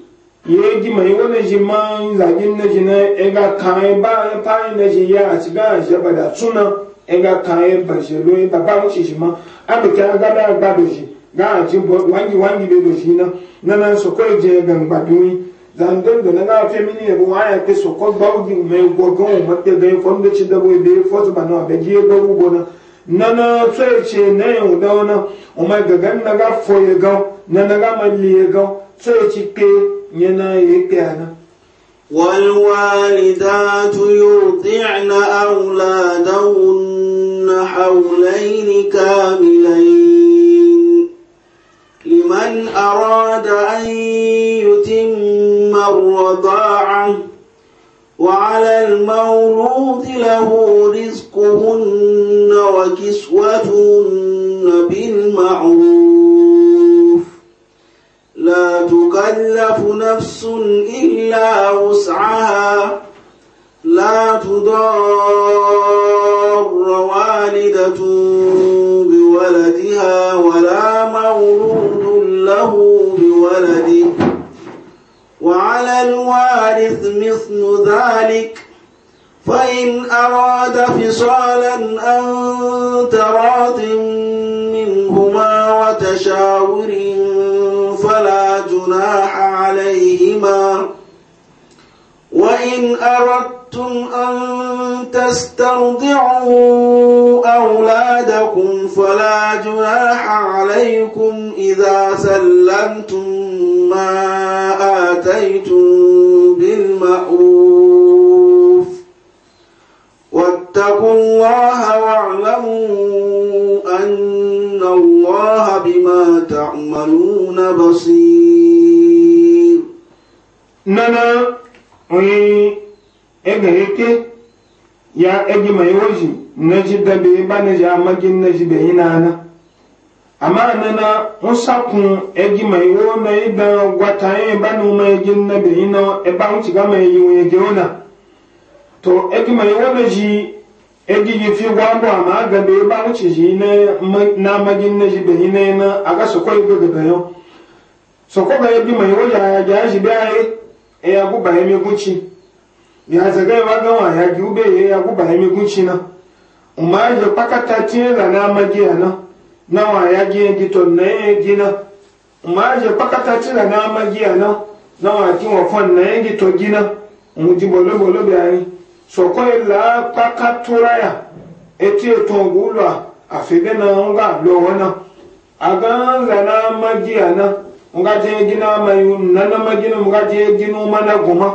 [SPEAKER 1] ye di ma wona ma nzaji na ji na ịga ka kan ba anyị na eji ya a ti ba je na tuna e ga kan ba je lo e ba mu ji ma a bi ka ga ji wangi wangi be na na na so ga gbado zandondo na nga fe mini ebo wa ya so ko gbawo gi me go gon mo te be fo ci da dabo be fo ba na be ji ego bu na na tse che na yo da ona o ma ga gan na ga fo ye ga na na ga ma li ye ga tse chi ke nye na ye ke ana والوالدات يرضعن
[SPEAKER 2] أولادهن حولين كاملين لمن أراد أن الرضاعة وعلى المولود له رزقهن وكسوتهن بالمعروف لا تكلف نفس إلا وسعها لا تضار والدة بولدها ولا مولود له بولده وعلى الوارث مثل ذلك فإن أراد فصالا أن تراض منهما وتشاور فلا جناح عليهما وإن أردت أَحْبَبْتُمْ أَن تَسْتَرْضِعُوا أَوْلَادَكُمْ فَلَا جُنَاحَ عَلَيْكُمْ إِذَا سَلَّمْتُم مَّا آتَيْتُم بِالْمَعْرُوفِ وَاتَّقُوا اللَّهَ وَاعْلَمُوا أَنَّ اللَّهَ بِمَا تَعْمَلُونَ بَصِيرٌ
[SPEAKER 1] نَنَا ega yake ya egi mai waji na ji dabe ba na ji amagin na ji bayi na na amma na na nsakun egi mai wo na yi ida gwata yin ba na ma egi na bayi na eba wuce ga mai yi wuye ge ona to egi mai wo na ji egi yi fi gwagwa amma aga bayi ba wuce ji na amagin na ji bayi na na aga su kwai ga gaba yau so ko ga egi mai wo ya ya ji bayi e ya guba ya mai guci ya zaga yawa gawa ya gi ube ya guba ya migunci na umma ya pakata la na magiya na nawa ya gi ya gito na ya gi na umma ya pakata la na magiya na nawa ki wa fon na ya gito gi na mu ji bolo bolo bi ani so ko la pakatura ya eti etongulwa afebe na nga lo wona aga zana na nga je gi na mayu na na magi na nga je gi no mana goma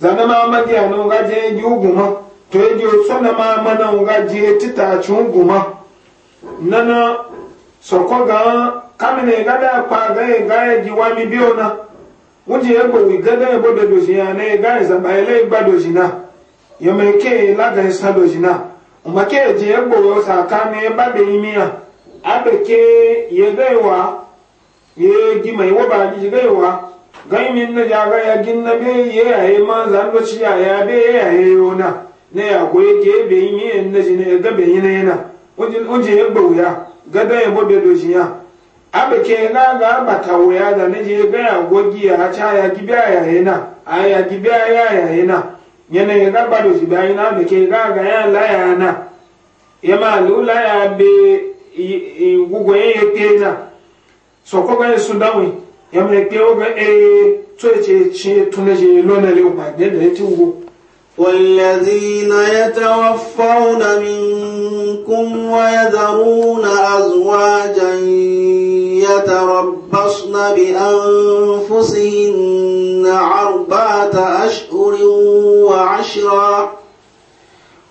[SPEAKER 1] zana ma ma ge anu ga je ji ma to e ji so na ma ma na ga je tita chu ma nana so ko ga kamene ga da pa ga e ga e ji wami mi bi ona wuji e gbo wi ga da e bo de do ji ya ne ga e za ba ele gba do ji na yo me ke la ga sa do ji na o ma ke je e gbo sa ka ne ba be mi ya abe ke ye ga e wa ye gi mai wo ba ji ga e wa gai min na jaga ya gin na be ye ya ye ma zan do ci ya ya be ya ye yo na ne ya go ye ke be yin ye na ji ga be yin ne na onjin onjin ye gbo ya ga da ye bo be do ji ya abe ke na ga ba ta wo ya da ne je ga ya go gi ya cha ya gi ba ya ye na a ya gi ba ya ya ye na nye ne ga ba do ji ba na abe ke ga ga ya la ya na ye ma lu la ya be i gugu ye ke na so ko ga su dawo yamre kewo ga e lona le ba de ti والذين
[SPEAKER 2] يتوفون منكم ويذرون أزواجا يتربصن بأنفسهن أربعة أشهر وعشرا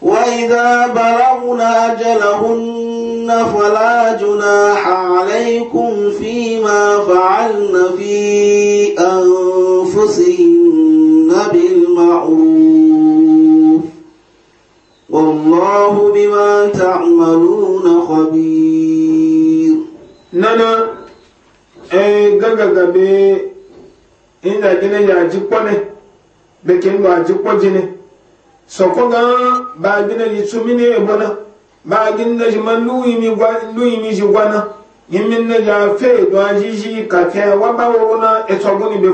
[SPEAKER 2] وإذا بلغن أجلهن فلا جناح عليكم فيما فعلن في أنفسهن بالمعروف والله بما تعملون خبير
[SPEAKER 1] نانا أي غغغبي إن أجنة يا جيبوني بكين يا جيبوني soko ga baagi na litsu mini ebo na baagi na ji ma luyi ji gwana yimi na ji fe do aji ji kake wa ba wo na etoguni ni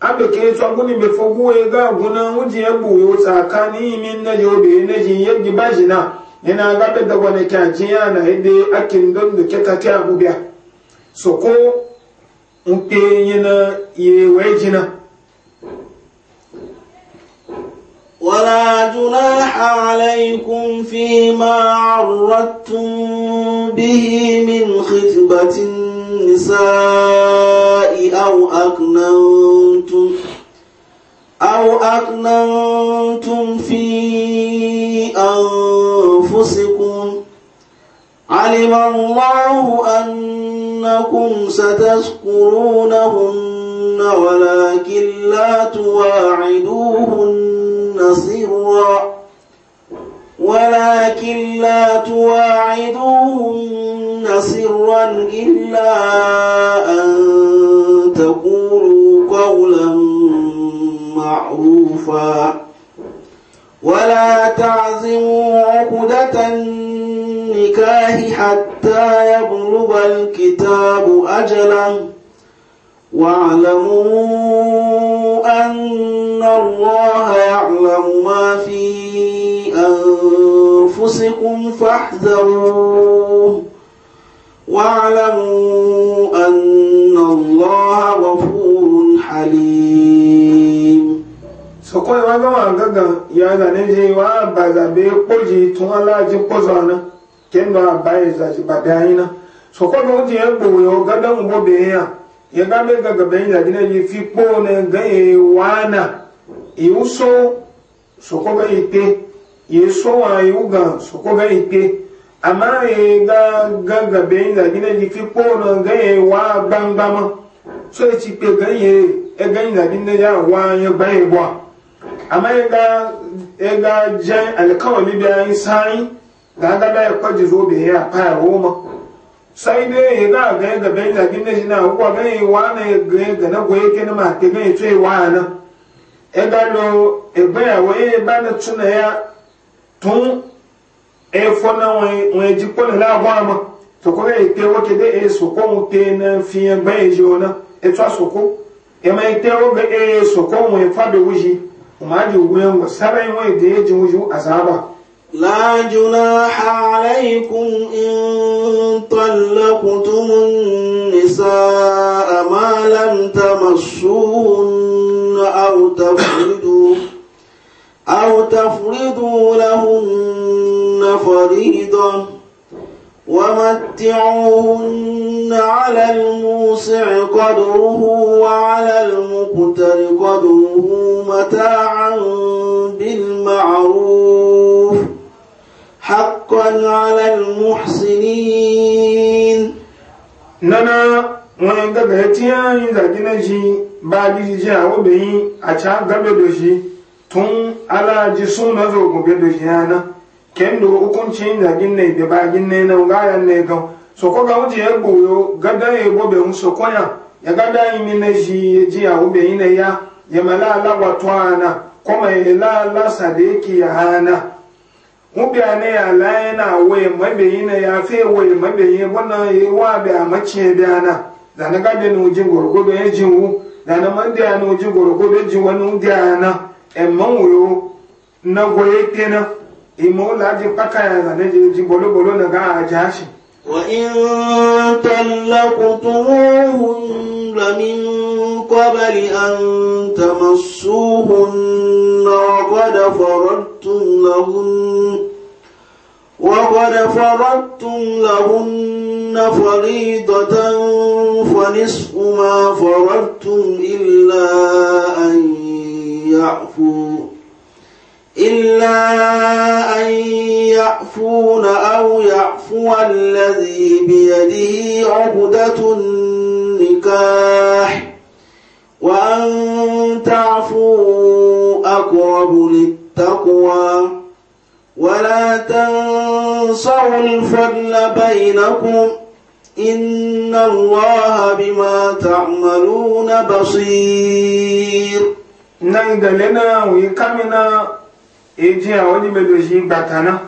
[SPEAKER 1] abe ke etoguni ni ga guna wuji ya bu yo tsaka ni na ji obe na ji yegi ba na yana ga be wani ya na hede akin don ke soko jina ولا جناح
[SPEAKER 2] عليكم فيما عرضتم به من خطبة النساء أو أكننتم أو أكننتم في أنفسكم علم الله أنكم ستذكرونهن ولكن لا تواعدوهن نصيرا ولكن لا تواعدوهن سرا إلا أن تقولوا قولا معروفا ولا تعزموا عقدة النكاح حتى يبلغ الكتاب أجله واعلموا أن الله يعلم ما في أنفسكم فاحذروه واعلموا أن الله غفور
[SPEAKER 1] حليم sokoi wa gawa ya zane je wa ba zabe ya zaji ba ya ya ga mai gagaben ya gina yi fi kpo ne ga yi wana iwu so soko ga ipe yi so wa iwu ga soko ga ipe amma ya ga gagaben ya gina yi fi kpo ne ga yi wa gbangbama so ya ci pe ga yi ya ga yi na gina ya wa ya gba yi bua amma ya ga ya ga jan alkawali da ya yi sa'in ga ga da ya kwaji zobe ya fara roma sai dai ya da ga da bai da gina shi na ko ga yi wa ne gire ga na goye ke na ma ke ga ce wa na e da lo e ba ya wa e ba na tuna ya tun e fo na wa wa ji ko la ba ma to ko ga ke wa ke de e so ko mu te na fi en ba e jo na e twa so ko e ma e te o ga e so ko mu e fa be wuji o ma ji wu en go sarai wa e de ji wuju azaba لا جناح عليكم إن
[SPEAKER 2] طلقتم النساء ما لم تمسوهن أو تفردوا أو تفردوا لهن فريضة ومتعوهن على الموسع قدره وعلى المقتر قدره متاعا بالمعروف حقا على المحسنين
[SPEAKER 1] نانا wọn gaba ya tiya yin zargina shi ba gizi ji a obinyi a ca gaba da shi tun ji suna zo gobe da shi yana kendo hukuncin zargin ne yi bagin ne na gayan ne ga so ko ga wuce ya goyo gada ya gobe mu so ya gada yi na shi ji a obinyi na ya ya malala wato ana kuma ya lalasa da yake ya hana mubia ne ya laye na waye mabeyi na ya fe be ya wannan ya wa ma maciye be na da na gaje ji ujin gorgodo ya ji wu da na man ji wani na emman na goye tena imo laji ya na ji bolo bolo na ga shi wa in min qabli
[SPEAKER 2] an wa qad faradtum وقد فرضتم لهن فريضة فنصف ما فرضتم إلا أن يعفو إلا أن يعفون أو يعفو الذي بيده عقدة النكاح وأن تعفوا أقرب للتقوى ولا تنصروا الفضل بينكم إن الله بما تعملون بصير
[SPEAKER 1] نندلنا ويكمنا إجي أولي مدوشي باتنا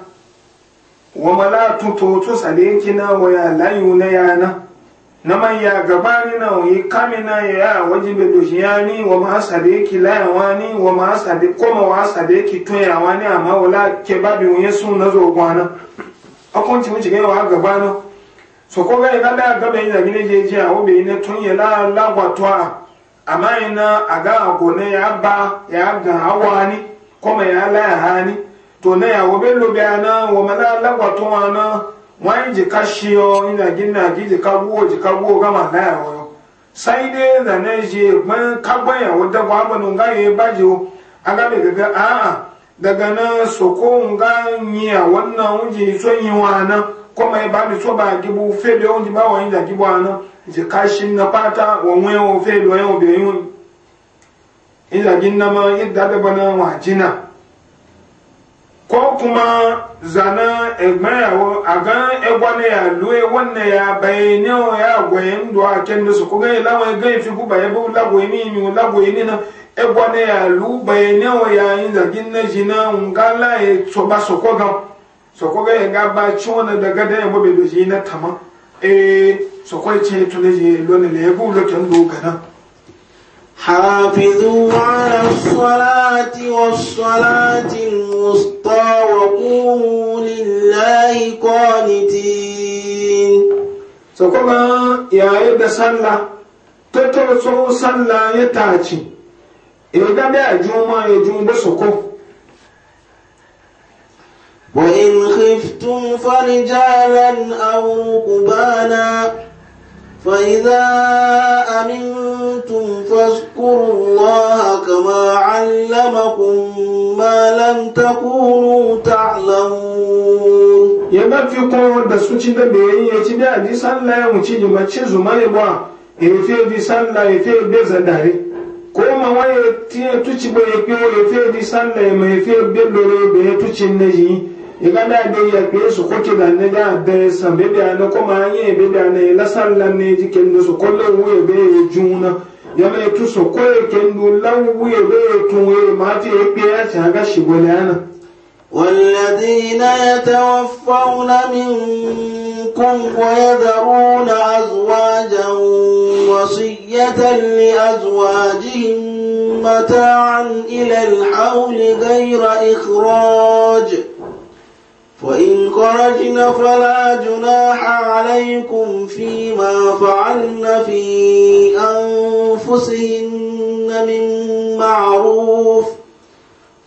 [SPEAKER 1] وما لا تتوتو سليكنا ويا لا يونيانا naman ya gabani na yi na ya wajibe dojiyani wa ma sabe ki layawani wa ma sabe koma wa sabe ki tun toyawani amma wala ke babi wani sun na zo gwana akon ci wuce gaiwa gabano so ko ga ga da gaba yin zamine je je a obe ne tun ya la la gwatwa amma ina aga agone ya ba ya ga hawani koma ya la ni. to na ya obe lobe ana wa ma la la na wani jika shiyo ina gina gi gama na yawo sai dai da na ji ban kagban yawo da ba ba nun ga yi baji wo an ga bai a daga na soko nga nyiya wannan wunji so yi wana kuma ya ba mi so ba gibu febe wunji ba wani da gibu ana jika shi na fata wa wani wo febe wani wo bai yi ina gina ma yadda da bana wajina ko kuma zana egbayawo a gan egwane ya lue wanne ya bayane o ya gwaye ndo a kende su ko gai lawan gai fi kuba ya bu lagwo ni mi lagwo ni na egwane ya lu bayane o ya yin da gin na jina ngala e so ba so ko gan so ko gai ga ba ci wona daga da ya bobe do jina tama e so ko ce to ne je lo ne le bu lo kan do kana حافظوا على الصلاة والصلاة so kuma yayi da sallah tattara so sallah ya taci idan da juma ya juma su ko
[SPEAKER 2] وإن خفتم فرجالا أو ركبانا فإذا أمنتم فاذكروا الله كما علمكم ما لم تكونوا
[SPEAKER 1] تعلمون ya ga fi ko da su ci da bai ya ci da ji sallah ya muci ji mace zuma ya ba ya fi bi sallah ya fi be zadare ko ma wa ya tuci ba ya fi ya fi bi sallah ya ma ya fi be lore ya tuci na ji ya ga da da ya fi su ko da ne da da sa be da na ko ma ya be da ne la sallah ne ji ken su ko le ya be ya juna ya ma ya su ko ya ken du lawu ya be ya tun ya ma fi ya pe ya ga shi gona والذين يتوفون منكم ويذرون
[SPEAKER 2] أزواجا وصية لأزواجهم متاعا إلى الحول غير إخراج فإن خرجن فلا جناح عليكم فيما فعلن في أنفسهن من معروف ۖ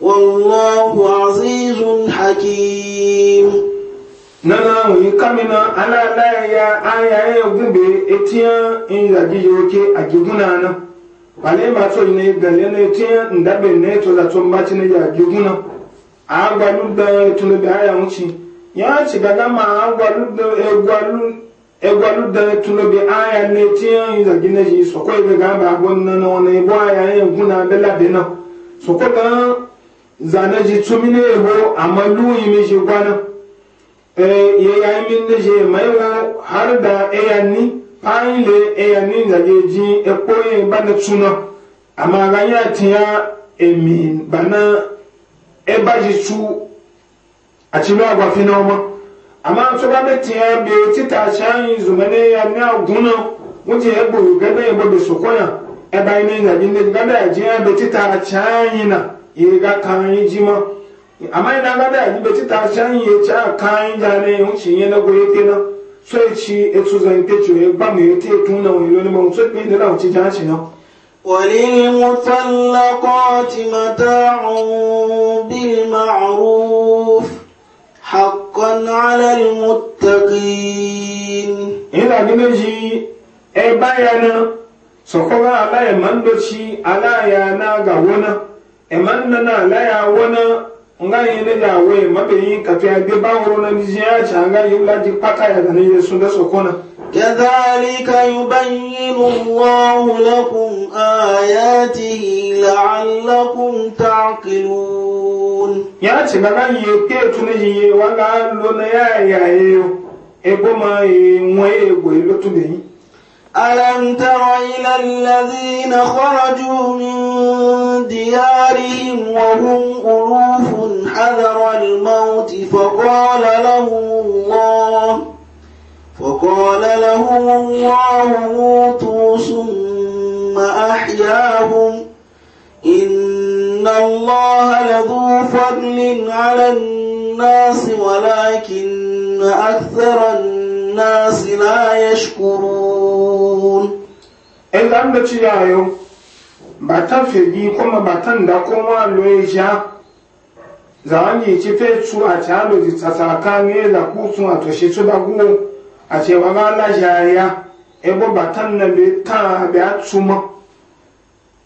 [SPEAKER 2] والله عزيز حكيم
[SPEAKER 1] nana wòye kamina ala laya aya ya gube etiya in zagi uh, uh, uh, yoke a giguna na wale ma eh, eh, to ne gale na etiya ndabe ne to da to mbati ne ya giguna a aya ya ci a gbalu da egwalu egwalu aya zana ji tumine ho amma luyi mi ji gwana eh ye ya mi ne je mai wo har da e ya ni pain le e ya ni da je ji e ko e ba da tuna amma ga ya tiya e mi bana e ba ji tu a ci ba gwa fi na ma amma to ba me tiya be ti ta shan zumane ya ni aguna wuce e bo ga da e bo be sokoya e ba ni ga ji ne ga da je be ti ta shan na ye ga kan yi jima amma ina ga da yi beti ta shan ye cha kan yi ja ne yun shi ye na go ye te na so ye chi e tu zan te chu ye ba mu ye te tu na wo yo ne mo so pe na wo chi ja chi na
[SPEAKER 2] وللمطلقات متاع بالمعروف حقا على المتقين
[SPEAKER 1] ina gina ji e bayana sokoga ala ya mandoci na ga eman na na la ya wona nga yi ne ya we ma be yin ka fiya de ba woro na ji ya cha nga yi la di pata ya da ne yesu da so kona kadhalika yubayyinu Allahu lakum ayatihi la'allakum taqilun ya ti ga ga yi ke tuni yi wa ga lo na ya ya yi ebo ma yi e nwe egbo ilotu be yi
[SPEAKER 2] ألم تر إلى الذين خرجوا من ديارهم وهم ألوف حذر الموت فقال لهم الله فقال لهم الله موتوا ثم أحياهم إن الله لذو فضل على الناس ولكن أكثر الناس الناس لا
[SPEAKER 1] يشكرون إن لم تشيعوا batan fegi kuma batan da kuma loja zawani ci fe su a ci halo di tsasaka ne da kusu a toshe su da gugu a la na ta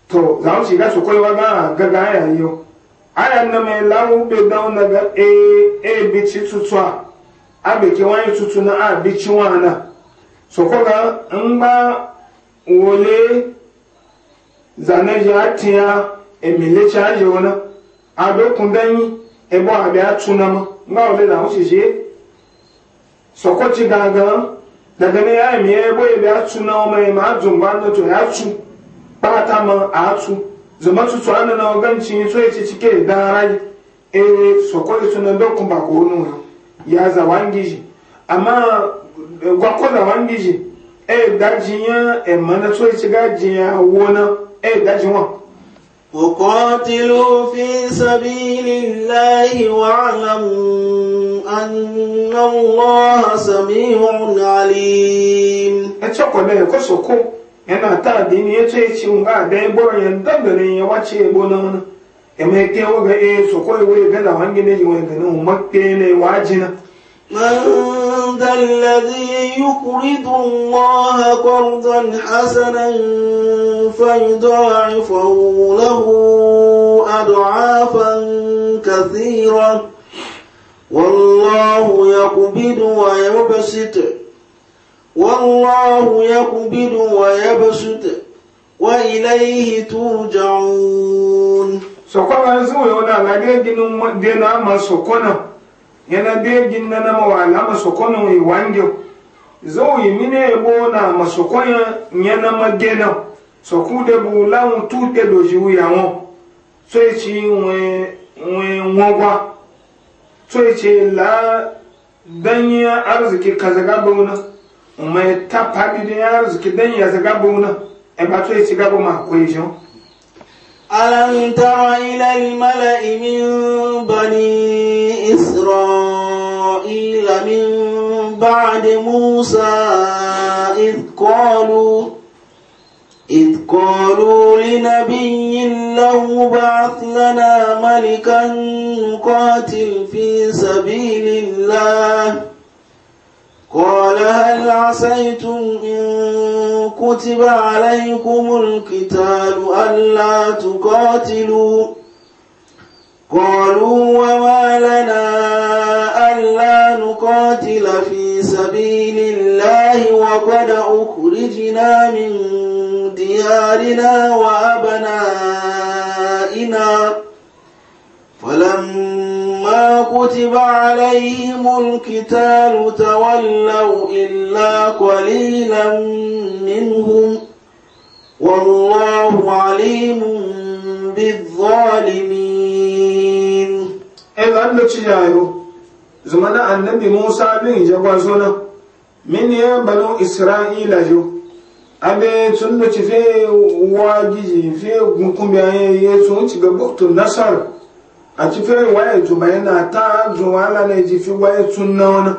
[SPEAKER 1] to zawon shiga su kai wa ga gaga yayo ayan na mai lawo bai dauna ga e e bi ci tutuwa abeke wani tutu na abici wana so koga n gba wole zane ji atiya emile ci aje wana adokun danyi ebo abi na ma ngba wole da wuce so ko ci gaga daga ne ya emi ebo ebe atuna ya ma azun ba nnoto ya tu pata ma atu zuma tutu ana na ọganci so echichi ke dara ee so ko dokun ba onu ha ya zawangiji amma eh, gwakwa zawangiji e eh, dajiya e eh, mana so ci gajiya wona e dajiwa وقاتلوا في سبيل الله
[SPEAKER 2] واعلموا أن الله سميع عليم
[SPEAKER 1] أتشكو لها كسوكو yana ta dini ya ce ci nga da ya wace ya yamma kewa ga e so ko ya wuri gana wani gina yi wani gani umarke ne wajina man dalladhi yuqridu
[SPEAKER 2] allaha qardan hasanan fa yud'afu lahu ad'afan kathira wallahu ya kubi yaqbidu wa yabsit wallahu ya kubi yaqbidu wa yabsit wa ilayhi
[SPEAKER 1] turja'un sokwa ba nsu yo na na de gi de na ma sokona yana de gi na na ma wala ma sokona wi wangyo zo yi mine ebo na ma sokona yana ma de na soku de bu la un tu de do ju ya won so e chi nwe nwe ngwa so e chi la danya arziki kaza ga bona umma ta padi de arziki danya zaga bona e ba to e chi ga bo ma ko e
[SPEAKER 2] ألم تر إلى الملأ من بني إسرائيل من بعد موسى إذ قالوا إذ قالوا لنبي له بعث لنا ملكا نقاتل في سبيل الله قال هل عسيتم إن كتب عليكم القتال ألا تقاتلوا قالوا وما لنا ألا نقاتل في سبيل الله وقد أخرجنا من ديارنا وأبنائنا فلما كتب عليهم القتال تولوا إلا قليلا منهم والله عليم
[SPEAKER 1] بالظالمين إذا أنت تشيايو زمان النبي موسى بن جوازنا من يا بنو إسرائيل جو abe tun da ci fe wajiji fe gungun bayan yesu ci ga buktu nasar a ci firin waya juma yana taa juma ala na ji fi waya tunna wani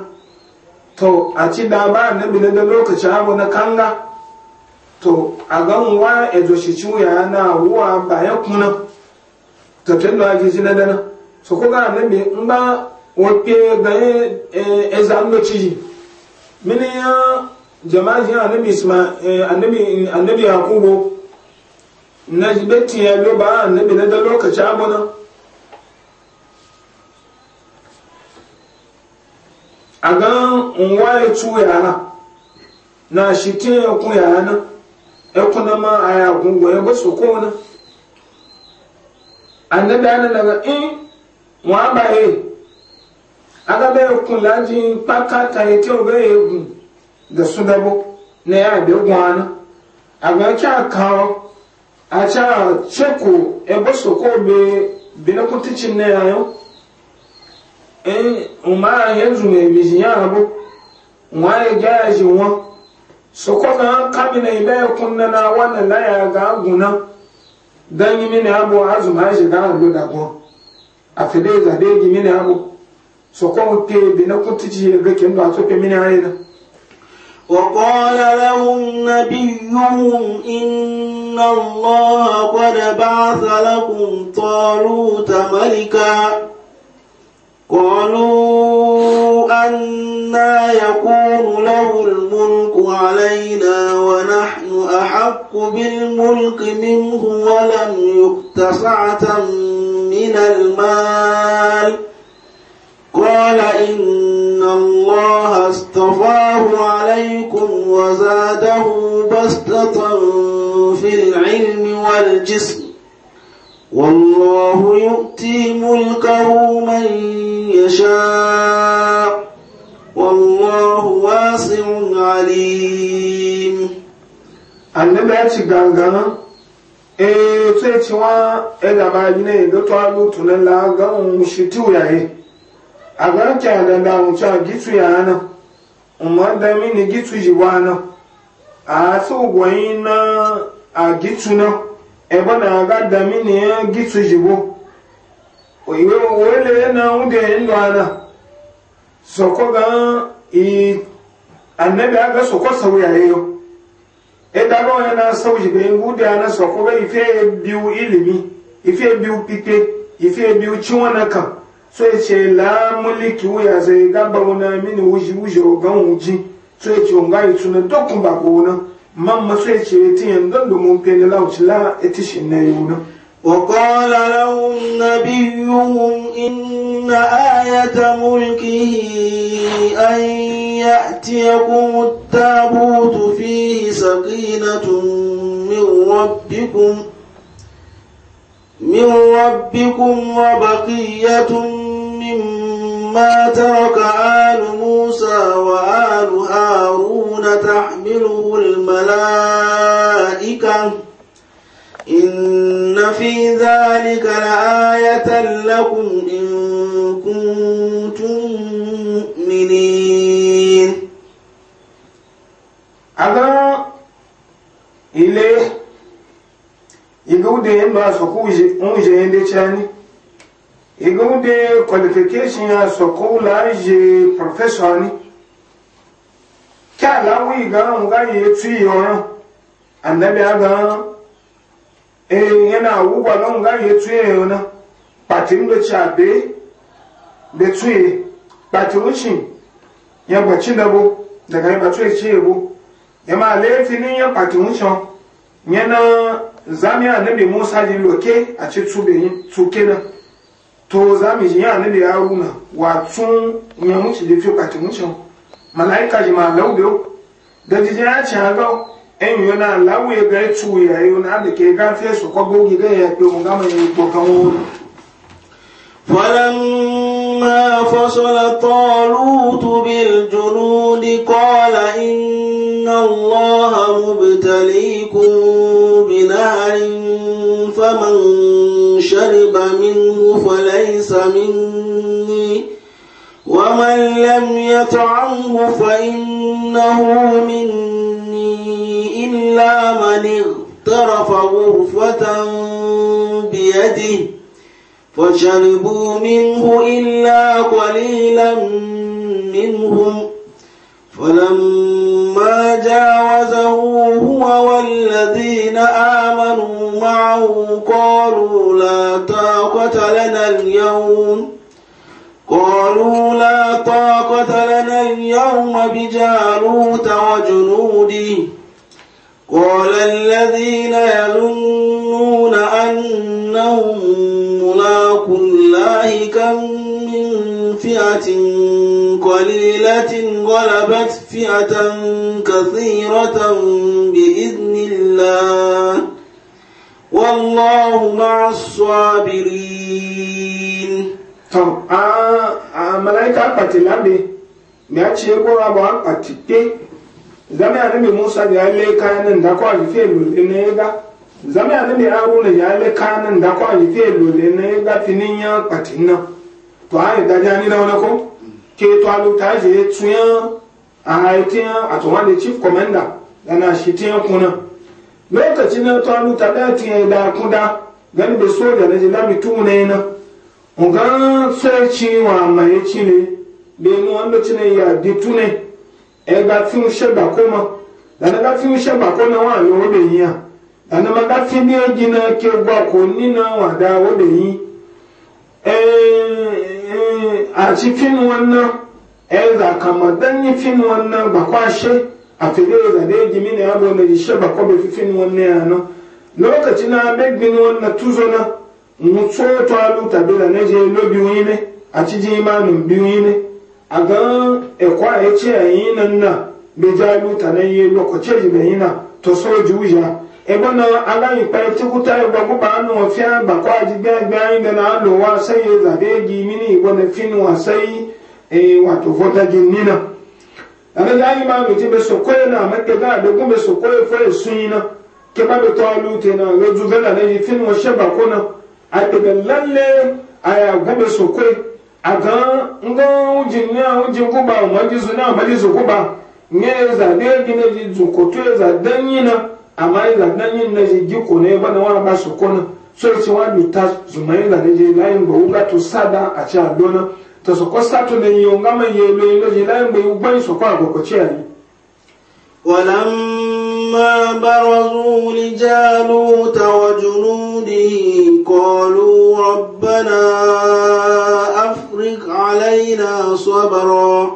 [SPEAKER 1] to a ci da ba na bi da lokaci abu na kanga to a gan wa e zo shi ci wuya na wuwa ba ya kuna to tun da ake na dana so ko ga e, na bi in ba wake ga e zan da ci mini ya jama'a jin annabi isma annabi annabi yakubu na betiya lo ba a na da lokaci abu na a gan nwa ya cu na shi tin ya kun yana ya ma a ya gungo ya basu ko na annabi ana daga in wa ba ye aga be kun laji paka ta ye ti o be gun da su dabo na ya be gwana aga cha ka a cha cheku e basu ko be bi na kuticin ne yayo in umara yanzu mai biji ya abu waye gaya shi wọn su kwaga kamina ilaya kunna na wannan laya ga guna don yi mini azụ ma ya shiga abu da kwan a fide zade yi na abu su kwan bi na kutuci ya ga mini haina
[SPEAKER 2] وقال
[SPEAKER 1] لهم نبيهم إن الله قد
[SPEAKER 2] بعث لكم طالوت قالوا أنا يكون له الملك علينا ونحن أحق بالملك منه ولم يؤت سعة من المال قال إن الله اصطفاه عليكم وزاده بسطة في العلم والجسم والله يؤتي ملكه من يشاء والله واسع عليم
[SPEAKER 1] annabi ya ci gangan eh tsaye cewa ya gaba ne da tuwa na lagan a garka da damuci a gitu na ebe na aga dami na ya gitu jibo oyiwe wele na wude ndu ana soko ga annabi aga soko sauya yayo eda ga onye na asau jibo engu de ana soko ga ife biyu ilimi ife biyu pipe ife biu chiwana ka so eche la muliki wuya zai gaba na mini wuji wuji ogan wuji so eche onga na dokun bako wuna man masai ce ti yanzan da mun kai na lawuci la na yi wuna. Wakala lahun na biyun inna ayata
[SPEAKER 2] mulki an ya tiya kuma tabutu fi sakinatun min rabbikum min rabbikum wa baqiyatun min ما ترك آل موسى وآل هارون تحمله الملائكة إن في ذلك لآية لكم إن كنتم مؤمنين
[SPEAKER 1] aga ile igaude ma soku uje uje ende chani igun de qualification ya soko la je professeur ni kí aláwọ̀ ìgbà ń etu tú ìyọ̀ràn ànábì àgbà èèyàn náà wúwo lọ́n gáyé tú etu náà pàtí ń lè ṣe àbẹ́ lè tú yẹ pàtí ń ṣì yẹn gbọ̀chí ya dàgbà yẹn bàtú èṣì èwo yẹn máa zami ànábì musa to za mu ji yana da yaruna watsun ya mutu da fiye kati mucin mala'ika ji ma laudo da ji ya ci haga en yana lawu ya ga tu ya yi na da ke gafe su kwago giga ya ɗo mu gama ya yi kokan wuri. فلما
[SPEAKER 2] فصل طالوت بالجنود قال إن الله مبتليكم بنهر فمن شرب منه فليس مني ومن لم يطعمه فإنه مني إلا من اغترف غرفة بيده فشربوا منه إلا قليلا منهم فلما جاوزه هو والذين آمنوا معه قالوا لا طاقة لنا اليوم قالوا لا طاقة لنا اليوم بجالوت وجنوده قال الذين يظنون أنهم ملاك الله كم من فئة قليلة غلبت فئة كثيرة بإذن الله والله
[SPEAKER 1] مع الصابرين طب آه آه ملائكة أقبت الأمر ما أتشير قرابة أقبت zama ya nabi musa da ya le kayanin da kwa fi fiye lulli na ya ga zama ya nabi aruna ya le kayanin da kwa fi fiye lulli na ya ga finin ya patin nan to a yi daji ani na wani ko ke to alu ta je tuya a haitiya a tuwa da chief commander da na shi tiya kuna lokacin na to alu ta da tiya da kuda gani da soja na jilami tune na ugan sarki wa mai ci ne bai mu wanda ci ne ya ditune ẹ̀ka tí ń ṣe gbà kó mọ dànàká tí ń ṣe gbà kó a wà ní òde yìí à dànàmàká tí ní ẹjì náà kí o gbọ́ kó nínà wà dá òde yìí àti fínu wọn náà ẹ̀ẹ́dà kàmọ̀dánì fínu wọn náà gbà kó àṣẹ àfẹ́dé ìzàdé ẹjì mí náà bọ̀ náà ìṣe gbà kó bẹ fífínu wọn náà náà lọ́kàtí náà bẹ́gbin wọn náà túzọ náà a ga ekwa ya ce yayin nan na bai ja luta nan yi lokacin ribe yi na to soju ya ebe na agaghị kpa etukwuta igbo gụba anụ ofia bakwa ajigbegbe anyị dị na alụwa sai zabe gi mini igbo na finwa sai ee wato vota gi nina anaga anyị ma miti be sokoye na amakega adogun be sokoye fo esun na keba be tọ lute na lozu vela na yi finwa sheba kona a tebe lalle aya gube sokoye a aga nga wujin na wujin kuba majisu na majisu kuba nye za de gine ji zu ko to za danyi na amma za danyi na ji gi ko ne ba na wa ba su ko na so ci wa du ta su mai na ne je lain ba uga to sada a ci a dona ta so ko sa to ne yi nga mai ye lo yo ji lain ba uga so ko ko ko ci ali
[SPEAKER 2] walamma barazu li jalut wa junudihi qalu rabbana علينا صبرا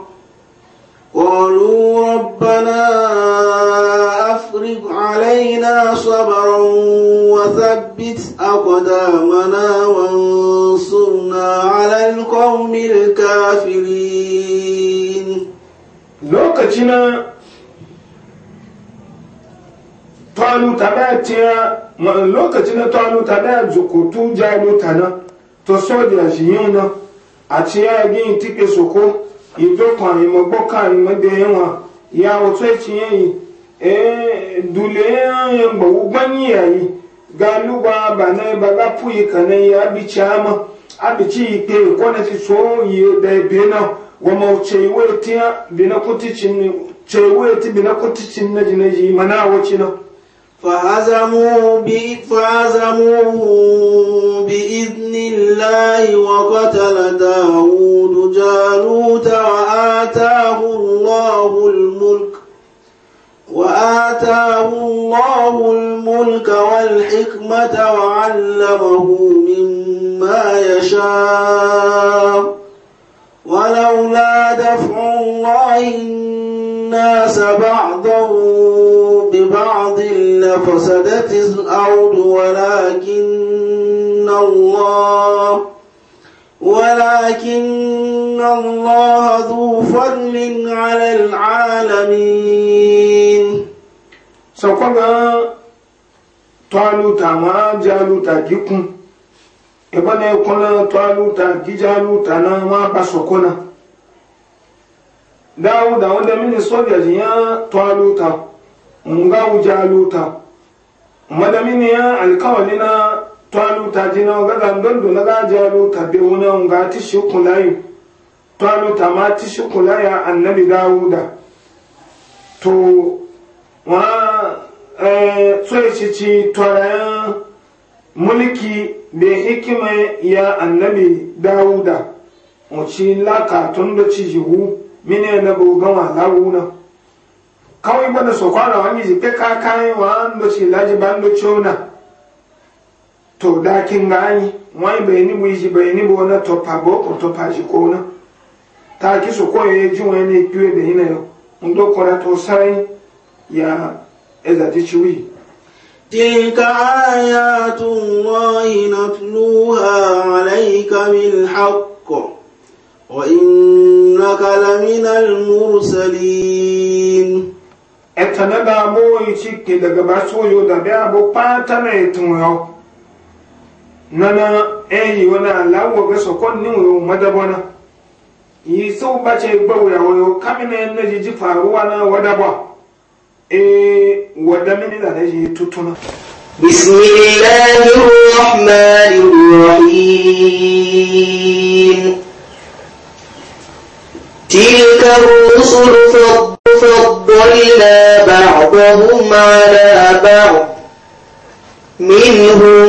[SPEAKER 2] قالوا ربنا أفرغ علينا صبرا وثبت أقدامنا وانصرنا على القوم
[SPEAKER 1] الكافرين لوكتنا taluta da tiya lokacin da taluta da zukutu jaluta na to soja shi yau na àti àìdí ìtìkè sòkó ìdókan ìmọ̀gbọ́kà da wọn ya ọ̀tọ́ yẹn yìí dùlẹ̀ ẹ̀yẹn gbọ̀wọ́ gbọ́nyìyà yìí galuba bàná bàbá púyì kàná yìí abìchí àmọ́ abìchí ìpè ìkọ́nà ti sọ yìí dẹ̀bẹ̀ náà wọ́n mọ̀ ọ̀chẹ ìwé tí bìnà kó tìchìn náà فهزموه فهزموه
[SPEAKER 2] بإذن الله وقتل داود جالوت وآتاه الله الملك وآتاه الله الملك والحكمة وعلمه مما يشاء ولولا دفع الله الناس بعضهم ببعض لفسدت الأرض ولكن الله ولكن الله ذو فضل على العالمين
[SPEAKER 1] سوكنا طالوت ما جالوت جيكم ابن يكون طالوت تنا ما بسقنا dawo da wanda mini soja jiya ga nga ujaluta mada mini ya alkawali na twaluta na ga gandondo na gajaluta be wuna nga tishi kulayu twaluta ma tishi kulaya annabi dawuda to wa eh tsoyici twarayan mulki da hikima ya annabi dawuda mu ci laka tun da ci jihu mine na bo gawa lawuna kawai mana so kwara wani ji pe kakai wa an do ci laji ban do chona to da kin gani wai bai ni wi ji bai ni bo na to pa bo ko to pa ji ko na ta ki so ko ye ji wani ne kiwe da ina yo ndo do kora to sai ya eza ti chiwi تلك آيات الله
[SPEAKER 2] نتلوها عليك بالحق
[SPEAKER 1] وإنك لمن المرسلين etana da aboyi ciki daga basoyo da biya bu fata mai tunyo nana eyi wani alawo ga sokon ni wuyo madabona yi sau bace gbawuya wuyo kamina yana jiji faruwa na wadaba e wadda mini da tutuna بسم الله الرحمن
[SPEAKER 3] الرحيم تلك الرسل فضلنا بعضهم على بعض منهم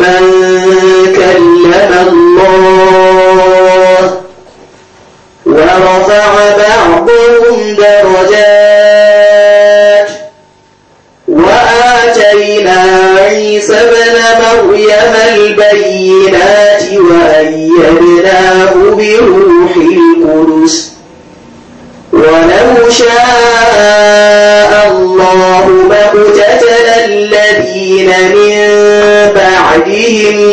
[SPEAKER 3] من كلم الله ورفع بعضهم درجات وآتينا عيسى بن مريم البينات وأيدناه بروح شاء الله ما اقتتل الذين من بعدهم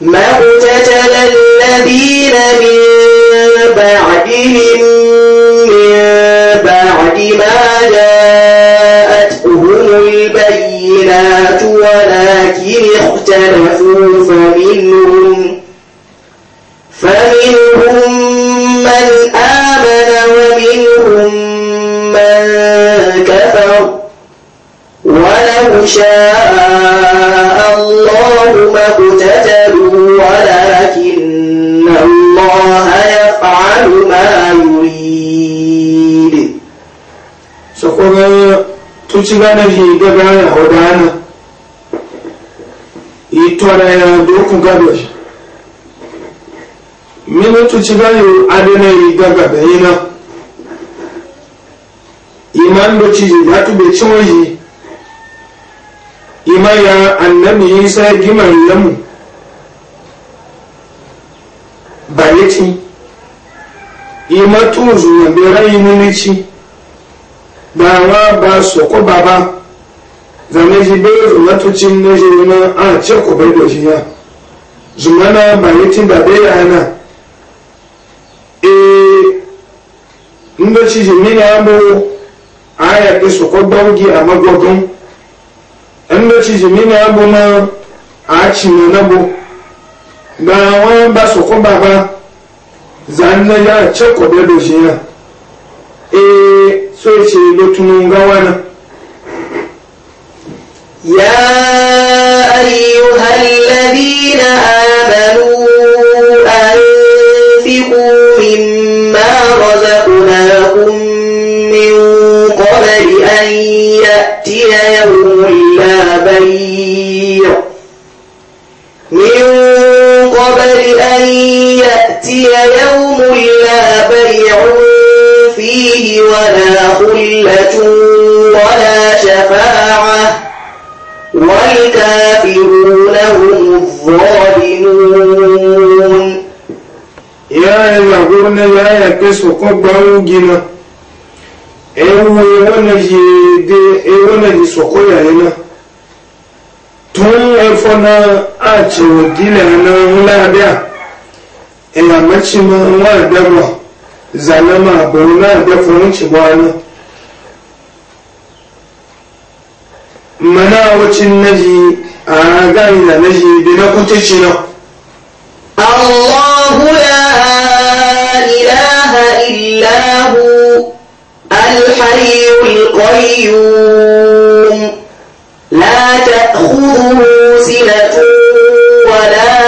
[SPEAKER 3] ما اقتتل الذين من بعدهم من بعد ما جاءتهم البينات ولكن اختلفوا فمنهم قوم اقتتلوا ولكن الله يفعل ما يريد سقوم تشغل في جبال هدانا
[SPEAKER 1] يتولى يدوك قبل mini tucigayu adanayi gaga bayina iman do ci ciji yatu be ciwoyi ima ya annabi isa gi maryamu bayeti imatu zuwa birayi nunici dawa ba soko baba zane ji bai zumatucin na jirima a ce ku bai da jiya zumana bayetin da bai yana e ndoci jimina abu a yaƙi soko daugi a magwagun inda ci jimini abu na aci na nabu ba wani ba su ba ba zan na ya ce ko da ya e so ya a lotunu
[SPEAKER 3] ga ya ayyuhal ladina ذلك يوم لا بيع فيه ولا خلة ولا شفاعة والكافرون هم الظالمون يا يغرن لا يكس قبعو جنا ewu
[SPEAKER 1] ewonadi de ewonadi soko yayina tun efona a cewa dila na nla abia إلى ما شيء ما ما يدبر زلمة بونا دفعون شبوانا منا وتشين نجي أعاقين
[SPEAKER 2] الله لا
[SPEAKER 3] إله إلا هو الحي القيوم لا تأخذه سنة ولا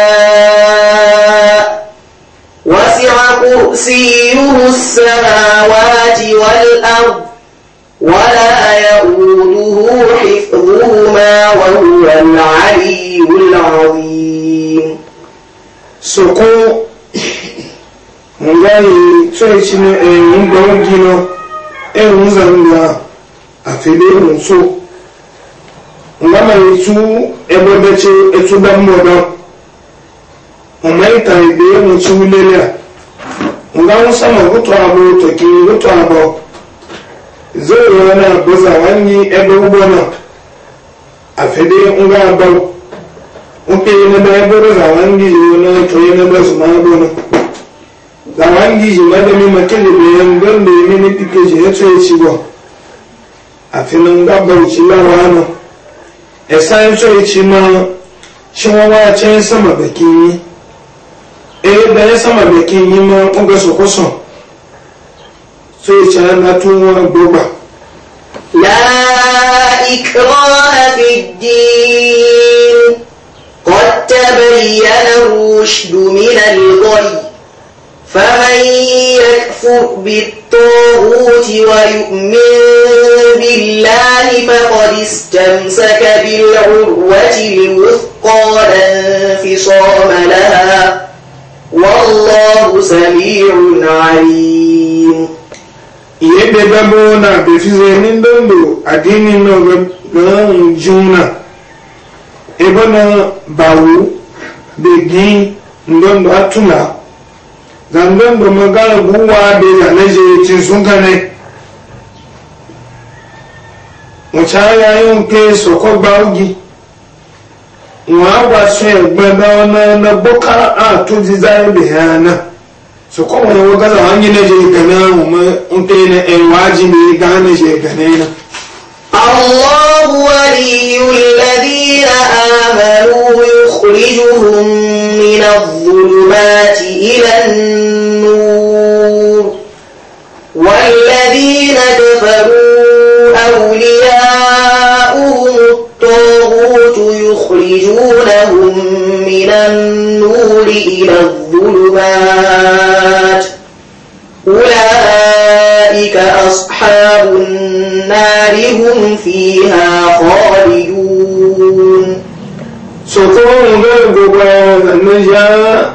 [SPEAKER 3] السماوات والأرض ولا يؤوده حفظهما وهو العلي العظيم سقو ngayi tsoye ci ne ehun gbawon gino ehun zanna
[SPEAKER 1] a fili ehun so yi tu ebebe ce etu dan mo dan ọmọ ita ibe nga musamman rutu abụọ, to kiri rutu abu zai wani abuza wani ebe ugbo na a fide nga abụọ. nke yi na ebe ruza wani yi na to yi abụọ su ma abu na da wani yi madami makili bayan gan da yi mini pike ji yato ya ci ba a filin gabar ci larwa na esa yato ya e ci ma shi wawa can sama da kiri eh da ya sama mai ke yi ma ƙunga su kusan so ya ce
[SPEAKER 3] قد تبين الرشد من الغي فمن يكفر بالطاغوت ويؤمن بالله فقد استمسك بالعروة الوثقى لا انفصام لها والله سميع عليم yadda dabo na bai fi zainin
[SPEAKER 1] dando addinin na ganin juna ebe na bawu da gi dando atuna zangon da magana buwa da yanaje cin sun gane mu ca yayin ke sokogba ogi wọn wá sọ ẹgbẹ́ náà náà na bọ́kára àtúndì záyé bìhán náà sọkọ́ wọn wọ́n gaza wọn yín lẹ́jẹ̀ ìkànnì ọ̀hún mọ́ ń pè ní ẹ̀wọ̀n ajé mi gán lẹ́jẹ̀ ìkànnì náà.
[SPEAKER 3] الله ولي الذين آمنوا يخرجهم من الظلمات إلى النور والذين الظلمات أولئك أصحاب النار هم فيها خالدون سكون بالقبال النجاة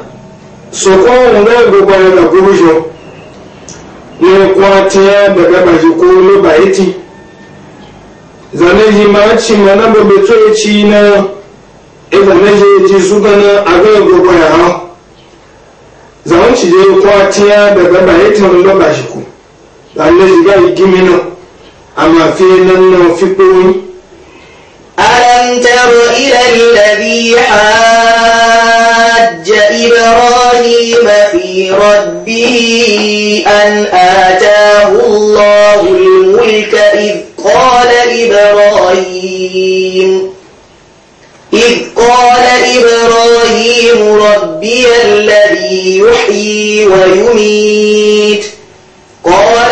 [SPEAKER 3] سكون بالقبال
[SPEAKER 1] القبجو لقواتيا بقبج كل بيتي zanaji ma ci mana babu tsoci na ita na je ji su gana a ga gobe ha zawon ci je kwatiya daga bayetan lo ba shi ku lalle shi ga igimi no amma
[SPEAKER 3] fi nan no fi koyi alam taru ila alladhi hajja ibrahim fi rabbi an atahu allahu almulka id qala ibrahim إذ قال إبراهيم ربي الذي يحيي ويميت قال